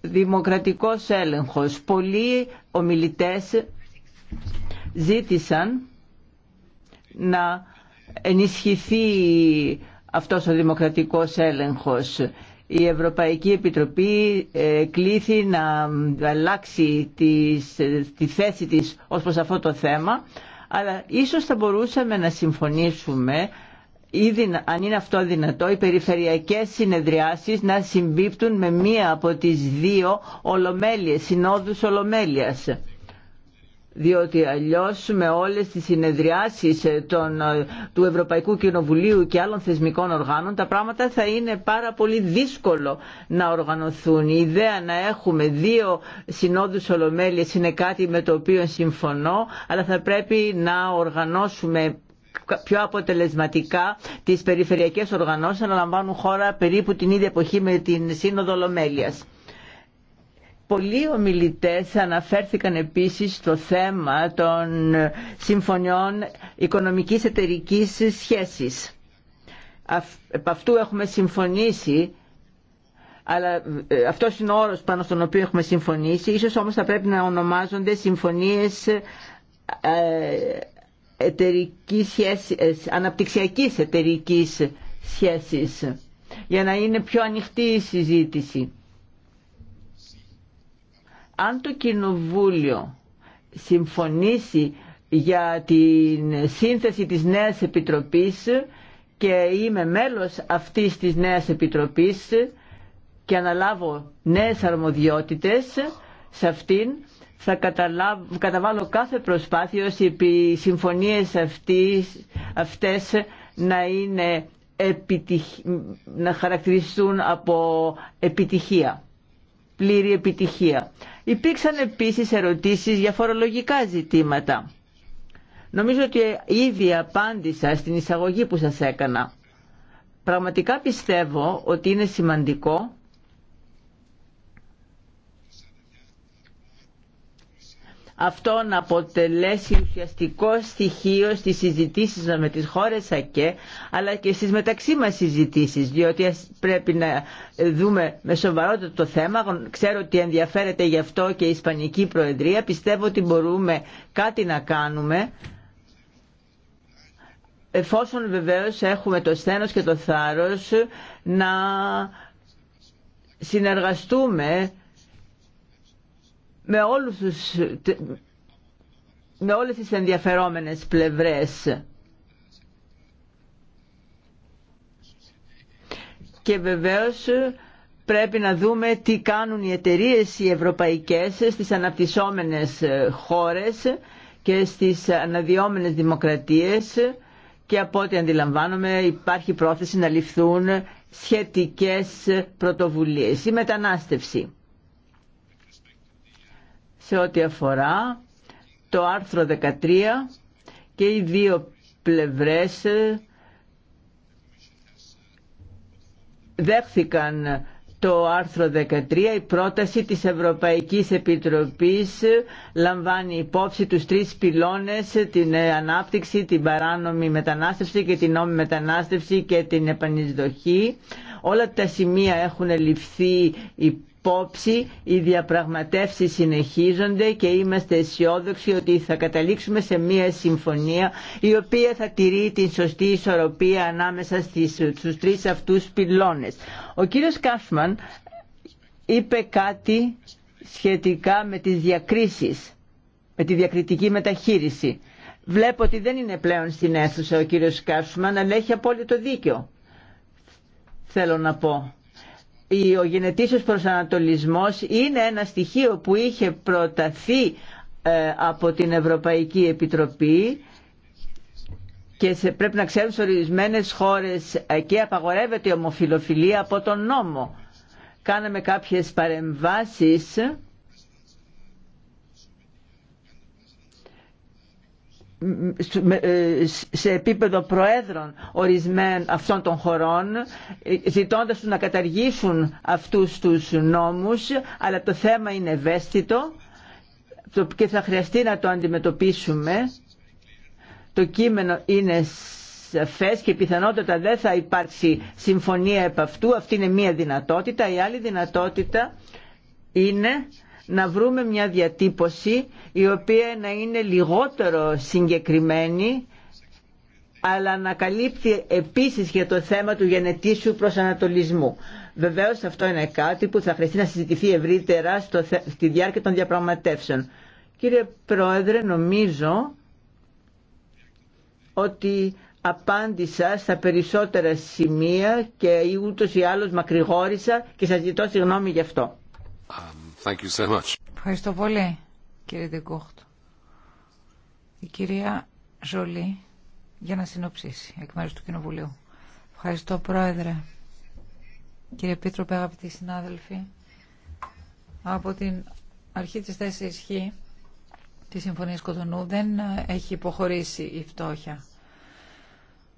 δημοκρατικός έλεγχος. Πολλοί ομιλητές ζήτησαν να ενισχυθεί αυτός ο δημοκρατικός έλεγχος. Η Ευρωπαϊκή Επιτροπή ε, κλήθη να αλλάξει τη θέση της ως προς αυτό το θέμα, αλλά ίσως θα μπορούσαμε να συμφωνήσουμε ήδη, αν είναι αυτό δυνατό, οι περιφερειακές συνεδριάσεις να συμπίπτουν με μία από τις δύο ολομέλειες, συνόδους ολομέλειας διότι αλλιώς με όλες τις συνεδριάσεις ε, των, ε, του Ευρωπαϊκού Κοινοβουλίου και άλλων θεσμικών οργάνων τα πράγματα θα είναι πάρα πολύ δύσκολο να οργανωθούν. Η ιδέα να έχουμε δύο συνόδους ολομέλειες είναι κάτι με το οποίο συμφωνώ, αλλά θα πρέπει να οργανώσουμε πιο αποτελεσματικά τις περιφερειακές οργανώσεις να λαμβάνουν χώρα περίπου την ίδια εποχή με την Σύνοδο Ολομέλειας. Πολλοί ομιλητές αναφέρθηκαν επίσης στο θέμα των συμφωνιών οικονομικής εταιρικής σχέσης. Επ' αυτού έχουμε συμφωνήσει, αλλά ε, αυτό είναι ο όρος πάνω στον οποίο έχουμε συμφωνήσει. Ίσως όμως θα πρέπει να ονομάζονται συμφωνίες ε, εταιρικής σχέσης, ε, αναπτυξιακής εταιρικής σχέσης, για να είναι πιο ανοιχτή η συζήτηση αν το Κοινοβούλιο συμφωνήσει για τη σύνθεση της νέας επιτροπής και είμαι μέλος αυτής της νέας επιτροπής και αναλάβω νέες αρμοδιότητες σε αυτήν θα καταβάλω κάθε προσπάθεια ώστε οι συμφωνίες αυτές να είναι επιτυχ... να χαρακτηριστούν από επιτυχία, πλήρη επιτυχία. Υπήρξαν επίσης ερωτήσεις για φορολογικά ζητήματα. Νομίζω ότι ήδη απάντησα στην εισαγωγή που σας έκανα. Πραγματικά πιστεύω ότι είναι σημαντικό αυτό να αποτελέσει ουσιαστικό στοιχείο στις συζητήσεις μα με τις χώρες ΑΚΕ αλλά και στις μεταξύ μας συζητήσεις διότι πρέπει να δούμε με σοβαρότητα το θέμα ξέρω ότι ενδιαφέρεται γι' αυτό και η Ισπανική Προεδρία πιστεύω ότι μπορούμε κάτι να κάνουμε εφόσον βεβαίως έχουμε το σθένος και το θάρρος να συνεργαστούμε με, όλους τους, με όλες τις ενδιαφερόμενες πλευρές και βεβαίως πρέπει να δούμε τι κάνουν οι εταιρείε οι ευρωπαϊκές στις αναπτυσσόμενες χώρες και στις αναδυόμενες δημοκρατίες και από ό,τι αντιλαμβάνομαι υπάρχει πρόθεση να ληφθούν σχετικές πρωτοβουλίες. Η μετανάστευση σε ό,τι αφορά το άρθρο 13 και οι δύο πλευρές ε, δέχθηκαν το άρθρο 13 η πρόταση της Ευρωπαϊκής Επιτροπής ε, λαμβάνει υπόψη τους τρεις πυλώνες ε, την ανάπτυξη, την παράνομη μετανάστευση και την νόμιμη μετανάστευση και την επανεισδοχή όλα τα σημεία έχουν ληφθεί υπόψη υπόψη, οι διαπραγματεύσεις συνεχίζονται και είμαστε αισιόδοξοι ότι θα καταλήξουμε σε μια συμφωνία η οποία θα τηρεί την σωστή ισορροπία ανάμεσα στις, στους τρεις αυτούς πυλώνες. Ο κύριος Κάφμαν είπε κάτι σχετικά με τις διακρίσεις, με τη διακριτική μεταχείριση. Βλέπω ότι δεν είναι πλέον στην αίθουσα ο κύριος Κάφμαν, αλλά έχει απόλυτο δίκιο. Θέλω να πω ο γενετήσιος προσανατολισμός είναι ένα στοιχείο που είχε προταθεί ε, από την Ευρωπαϊκή Επιτροπή και σε, πρέπει να ξέρουν σε χώρες ε, και απαγορεύεται η ομοφιλοφιλία από τον νόμο. Κάναμε κάποιες παρεμβάσεις σε επίπεδο προέδρων ορισμένων αυτών των χωρών ζητώντας τους να καταργήσουν αυτούς τους νόμους αλλά το θέμα είναι ευαίσθητο και θα χρειαστεί να το αντιμετωπίσουμε το κείμενο είναι σαφές και πιθανότατα δεν θα υπάρξει συμφωνία επ' αυτού αυτή είναι μία δυνατότητα η άλλη δυνατότητα είναι να βρούμε μια διατύπωση η οποία να είναι λιγότερο συγκεκριμένη αλλά να καλύπτει επίσης για το θέμα του γενετήσιου προσανατολισμού. Βεβαίως αυτό είναι κάτι που θα χρειαστεί να συζητηθεί ευρύτερα στο, στη διάρκεια των διαπραγματεύσεων. Κύριε Πρόεδρε, νομίζω ότι απάντησα στα περισσότερα σημεία και ούτως ή άλλως μακρηγόρησα και σας ζητώ συγγνώμη γι' αυτό. Thank you Ευχαριστώ πολύ, κύριε Η κυρία Ζολή για να συνοψίσει εκ μέρους του Κοινοβουλίου. Ευχαριστώ, Πρόεδρε. Κύριε Πίτροπε, αγαπητοί συνάδελφοι, από την αρχή της θέσης ισχύ της Συμφωνίας Κοτονού δεν έχει υποχωρήσει η φτώχεια.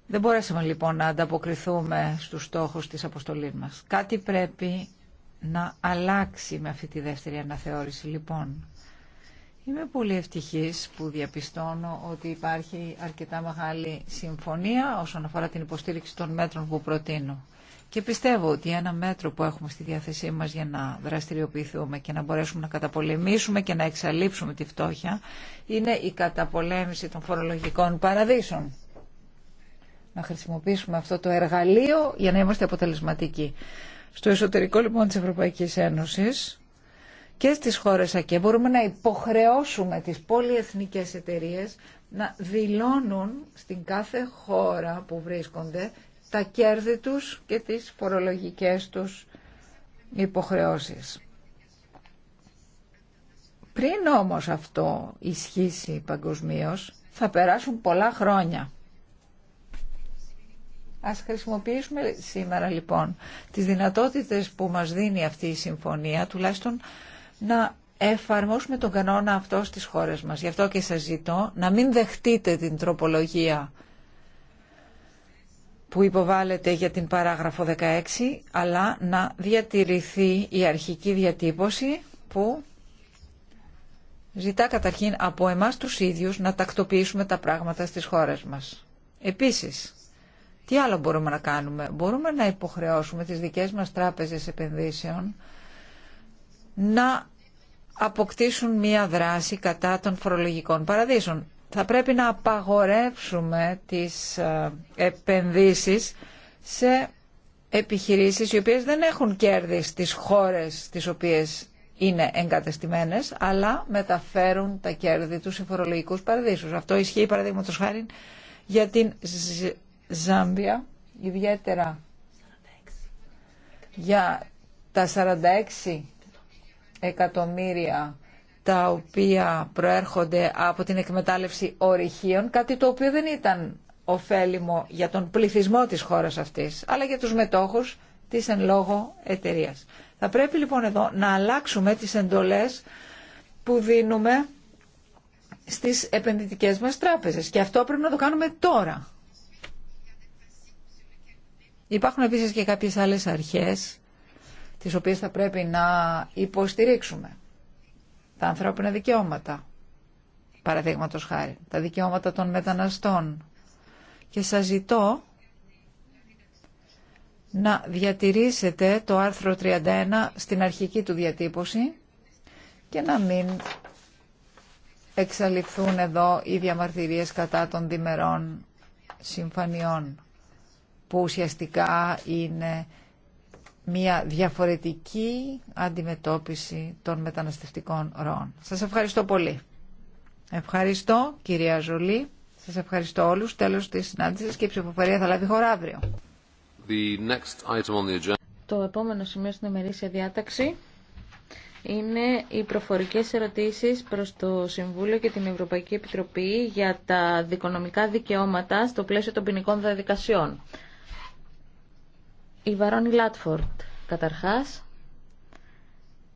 Δεν μπορέσαμε λοιπόν να ανταποκριθούμε στους στόχους της αποστολής μας. Κάτι πρέπει να αλλάξει με αυτή τη δεύτερη αναθεώρηση. Λοιπόν, είμαι πολύ ευτυχής που διαπιστώνω ότι υπάρχει αρκετά μεγάλη συμφωνία όσον αφορά την υποστήριξη των μέτρων που προτείνω. Και πιστεύω ότι ένα μέτρο που έχουμε στη διάθεσή μας για να δραστηριοποιηθούμε και να μπορέσουμε να καταπολεμήσουμε και να εξαλείψουμε τη φτώχεια είναι η καταπολέμηση των φορολογικών παραδείσων. Να χρησιμοποιήσουμε αυτό το εργαλείο για να είμαστε αποτελεσματικοί στο εσωτερικό λοιπόν της Ευρωπαϊκής Ένωσης και στις χώρες ΑΚΕ μπορούμε να υποχρεώσουμε τις πολυεθνικές εταιρείες να δηλώνουν στην κάθε χώρα που βρίσκονται τα κέρδη τους και τις φορολογικές τους υποχρεώσεις. Πριν όμως αυτό ισχύσει παγκοσμίως θα περάσουν πολλά χρόνια. Ας χρησιμοποιήσουμε σήμερα λοιπόν τις δυνατότητες που μας δίνει αυτή η συμφωνία, τουλάχιστον να εφαρμόσουμε τον κανόνα αυτό στις χώρες μας. Γι' αυτό και σας ζητώ να μην δεχτείτε την τροπολογία που υποβάλλεται για την παράγραφο 16, αλλά να διατηρηθεί η αρχική διατύπωση που ζητά καταρχήν από εμάς τους ίδιους να τακτοποιήσουμε τα πράγματα στις χώρες μας. Επίσης, τι άλλο μπορούμε να κάνουμε. Μπορούμε να υποχρεώσουμε τις δικές μας τράπεζες επενδύσεων να αποκτήσουν μία δράση κατά των φορολογικών παραδείσων. Θα πρέπει να απαγορεύσουμε τις ε, επενδύσεις σε επιχειρήσεις οι οποίες δεν έχουν κέρδη στις χώρες τις οποίες είναι εγκατεστημένες, αλλά μεταφέρουν τα κέρδη τους σε φορολογικούς παραδείσους. Αυτό ισχύει παραδείγματο χάρη για την Ζάμπια, ιδιαίτερα για τα 46 εκατομμύρια τα οποία προέρχονται από την εκμετάλλευση ορυχείων, κάτι το οποίο δεν ήταν ωφέλιμο για τον πληθυσμό της χώρας αυτής, αλλά για τους μετόχους της εν λόγω εταιρείας. Θα πρέπει λοιπόν εδώ να αλλάξουμε τις εντολές που δίνουμε στις επενδυτικές μας τράπεζες και αυτό πρέπει να το κάνουμε τώρα. Υπάρχουν επίσης και κάποιες άλλες αρχές τις οποίες θα πρέπει να υποστηρίξουμε. Τα ανθρώπινα δικαιώματα, παραδείγματος χάρη, τα δικαιώματα των μεταναστών. Και σας ζητώ να διατηρήσετε το άρθρο 31 στην αρχική του διατύπωση και να μην εξαλειφθούν εδώ οι διαμαρτυρίες κατά των διμερών συμφανιών που ουσιαστικά είναι μια διαφορετική αντιμετώπιση των μεταναστευτικών ροών. Σας ευχαριστώ πολύ. Ευχαριστώ κυρία Ζολή. Σας ευχαριστώ όλους. Τέλος της συνάντησης και η ψηφοφορία θα λάβει χώρα αύριο. Το επόμενο σημείο στην ημερήσια διάταξη είναι οι προφορικές ερωτήσεις προς το Συμβούλιο και την Ευρωπαϊκή Επιτροπή για τα δικονομικά δικαιώματα στο πλαίσιο των ποινικών διαδικασιών. Η Βαρόνι Λάτφορντ, καταρχάς,